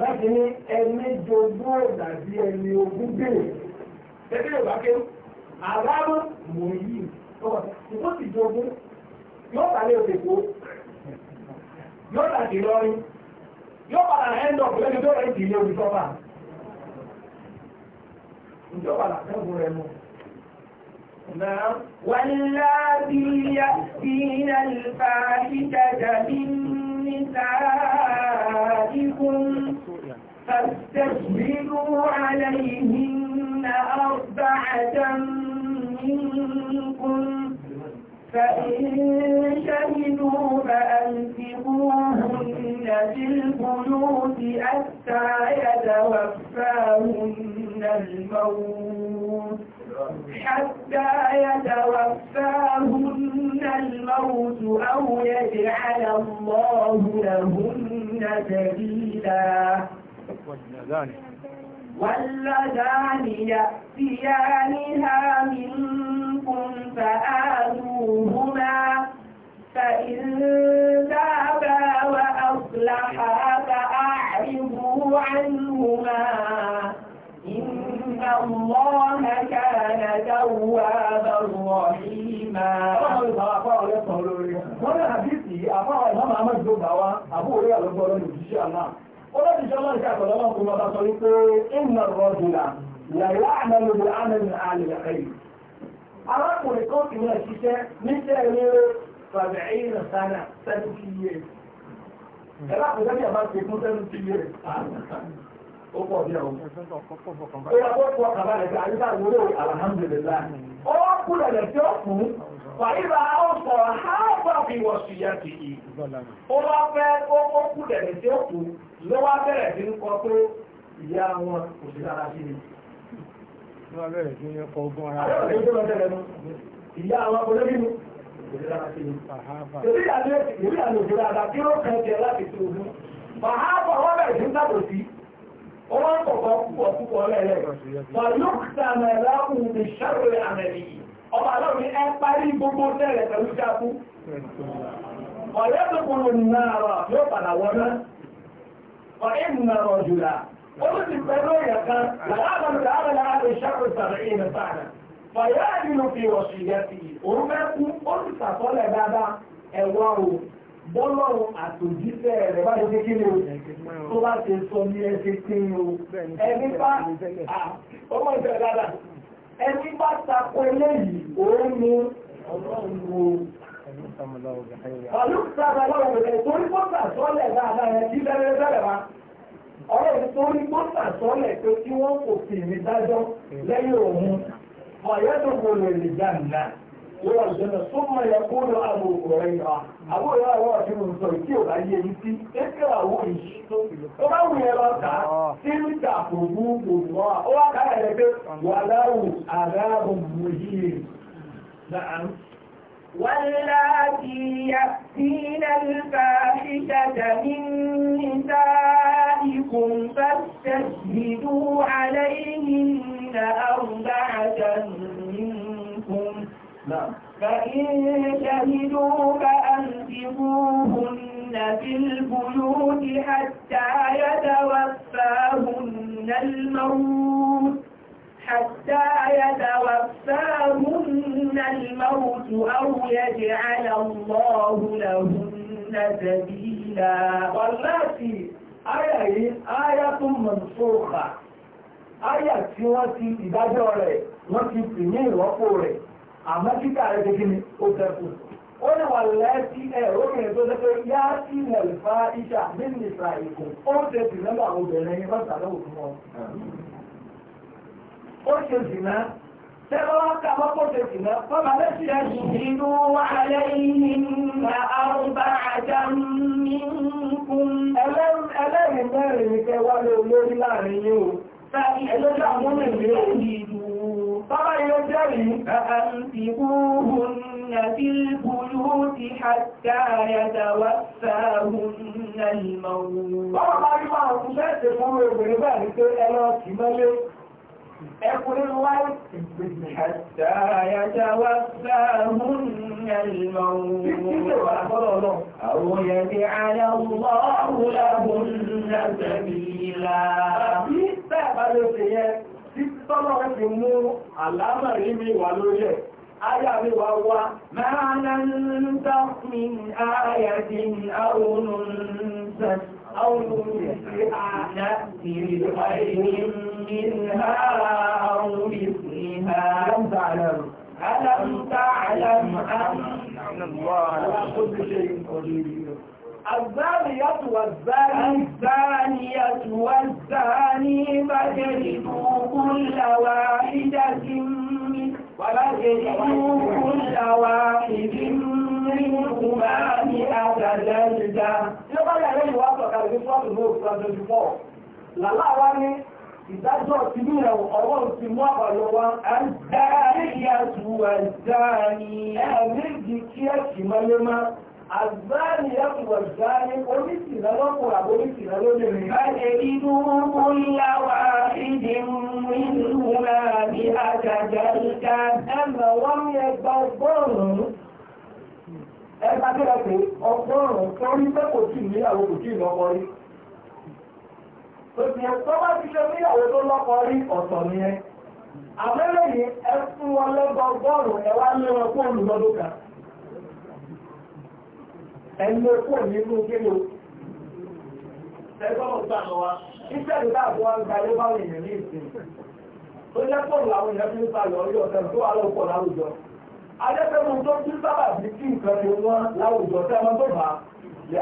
láti ní ẹni ogún bèrè tẹ́tẹ́ ìwà kéwù àbárò mò ń yí ìwọ́n ti jogún yóò tàlẹ́ òkèkó yóò tàbí lọ́rin yóò padà end up lẹ́nu tó rẹ̀ ìdílé omi sọ́fà rẹ̀ mọ́. نسائكم فاستشهدوا عليهن أربعة منكم فإن شهدوا فأنفقوهن في البيوت حتى يتوفاهن الموت حتى يتوفاهن الموت أو يجعل الله لهن سبيلا واللذان يأتيانها منكم منكم فآذوهما فإن تابا وأصلحا فأعرضوا عنهما إن الله كان توابا sọ wípé, "Ìmọ̀ rọ́dùlà, làyá àmàlò bí àmàlò arákùnrin kan ti máa ṣiṣẹ́ níṣẹ́ rere tàbí ẹ̀yìn nàìjíríà seventy years ẹ̀rọ àpòjọ́bí àbá ti fún seventy years ó pọ̀ bí ọ̀hún. ó yà kó kọ́ kàbá rẹ̀ pé àyíká ìwúrò alhamdulillah ó kú lẹ̀lẹ̀ tí ó kù fàyíra ó sọ àhábà fi wọ̀ sí ya ti yìí ó wá fẹ́ ó kú lẹ̀lẹ̀ tí ó kù wọ́n bẹ̀rẹ̀ sí ní ọkọ̀ ogun ara rẹ̀. ìyá àwọn akọ̀lẹ́bìnú torí àlè òjò rárá kí ó kàn jẹ láti tó ogun màhábà wọ́n bẹ̀rẹ̀ sí ń sábò sí ọwọ́ kọ̀kọ́ púpọ̀ púpọ̀ lẹ́lẹ̀ pọ̀lúkìtà mẹ́lá òun ní sẹ́rẹ̀ àmẹ́lì ọba lọ́rùn ní ẹ parí gbogbo tẹ́rẹ̀ pẹ̀lú jákú ọ̀lẹ́dọ̀kùnrin náà yóò padà wọ́n náà ọ̀ قلت الثانية كان العمل تعمل على شهر سبعين سنة فيعمل في وصيته أمكم أنت طلع بابا أواه bọ́lọ́run àtòjíṣẹ́ rẹ̀ bá ṣe kékeré o tó bá ṣe sọ ní ẹsẹ̀ tí o ẹni bá ọmọ ìfẹ́ dáadáa ẹni bá takọ eléyìí òun ni ọlọ́run sábà lọ́wọ́ torí sọ́lẹ̀ dáadáa kí bẹ́rẹ̀ bẹ́rẹ̀ ọlọ́run tó rí pọ́ńtà sọ́lẹ̀ pé kí wọ́n kò fi mi dájọ́ lẹ́yìn òun ọ̀yẹ́dọ̀gbọ̀ lè lè já nà wọ́n àjọyọ̀ tó mọ ẹ̀yà kó lọ àbò ọ̀rẹ́ ìhà àbò ìhà àwọn ọ̀sìn òǹtọ̀ tí ò bá yé yín sí ẹ̀kẹ́ àwọn èyí tó bá wù yẹn lọ tà á sí ń tà kò bú kò mọ́ ó wá káyà rẹ̀ pé wàláwù àdáàbò mú yìí واللاتي يأتين الفاحشة من نسائكم فاستشهدوا عليهن أربعة منكم نعم. فإن شهدوا فأنفقوهن في البيوت حتى يتوفاهن الموت حتى يتوفاهن الموت أو يجعل الله لهن سبيلا واللاتي آية آية منسوخة آية tí wọ́n ti ìdájọ́ rẹ̀ wọ́n ti pè ní ìrọ́pò rẹ̀ àmọ́ kíkà rẹ̀ ti kíni ó tẹ́kù. ó ní wà lẹ́ẹ̀tí ẹ̀ obìnrin tó lẹ́pẹ́ yá sí ilẹ̀ ìfá ìṣà nínú ìfà ìkùn ó tẹ́kù lọ́gbà obìnrin yìí wọ́n sàlẹ̀ òfin wọn ó ṣe zìnà tẹ́lọ́wọ́ kàwọ́ kó ṣe zìnà fọ́nà lẹ́sí ẹ̀sùn. ìlú alẹ́ yìí na àrùbá àjá nínkum. ẹlẹ́rìn mẹ́rin ni kẹ́ wálé olórí láàrin yìí في البيوت حتى يتوفاهن الموت. Bábá yóò máa ń fẹ́ ṣe fún obìnrin báyìí pé ẹlọ́ يقول الوقت حتى يتوفاهن الموت أو يجعل الله لهن سبيلا Títọ́lọ́ ti mú àlámàrí mi wà lórí ẹ̀, ayà mi wà wá, máa náà ń tọ́ min áyà ti àrùn ń tẹ̀sí. أو نسعها نأتي بخير منها أو مثلها تعلم ألم تعلم أن الله على كل شيء قدير الزانية والزاني الزانية والزاني فاجلدوا كل واحدة ولا تجدوا tó ló fi ọjọ́ ju pọ̀. Làlá wa ní ìdájọ́ ti ní ìrẹ̀wò ọwọ́ ti mú àbàlọ́ wa. Ẹ̀rí ìyàtú ẹ̀dáni ẹ̀mí ìdí kí ẹ̀ kì mọ́lé má. Àgbáàlì ẹ̀kùwọ̀ ìdáni oníṣìnà lọ́kùnrin àbò àjàjà ìka. Ẹ̀mọ̀ wọ́n yẹ gba ọgọ́rùn lóti ẹ tó bá ti ṣe níyàwó tó lọ́kọ rí ọ̀tọ̀ ni ẹ àmẹ́lẹ̀ yìí ẹ fún wọn lọ́gbọ́ bọ́ọ̀lù ẹ wá lé wọn fóònù lọ́dún kan ẹ lé fóònù nínú kílò ẹgbọ́n ọgbà wa iṣẹ́ ìdá àbúwá ń ga ló bá wọn èèyàn ní ìsìn tó jẹ́ fóònù làwọn èèyàn fi ń pa lọ orí ọ̀sẹ̀ tó wà lọ́pọ̀ láwùjọ adẹ́fẹ́mu tó ti sábà bí kí nǹkan ti wọ́n láwùjọ tẹ́ wọn tó bá lè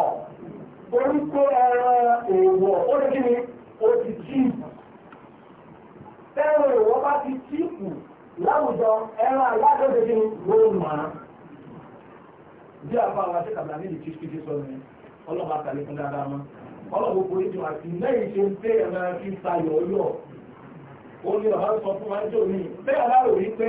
á orúkọ ara èèwọ̀ ó lè kíni ó ti jíìpù tẹ́rọ èèwọ̀ bá ti jíìpù láwùjọ ẹran aládọ́dẹ kíni ló mà á bí àbá wa ṣe kàbí àbí ìdíjí sọ ni ọlọ́ba tàlẹ́ fún dáadáa mọ́ ọlọ́ba kò ní àti lẹ́yìn ṣe ń pé ẹ̀rọ fi sayọ̀ yọ̀ ó ní ọ̀bá sọ fún wa jò ní bẹ́ẹ̀ bá rò wí pé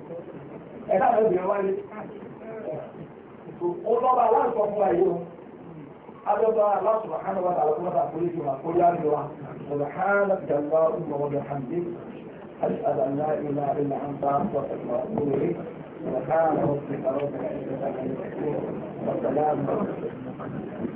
ẹ̀dá àwọn obìnrin wáyé ó lọ́ba aláǹsọ̀ fún ayé o adọ́gba aláṣọ àhánà wa tààlà tó máa tàbí ìjọba kó yá ni wa ọ̀dọ̀ hánà jàmbá ọmọ ọdọ̀ hàndé أشهد أن لا إله إلا أنت أستغفرك وأتوب إليك سبحان ربك رب العزة عما يصفون وسلام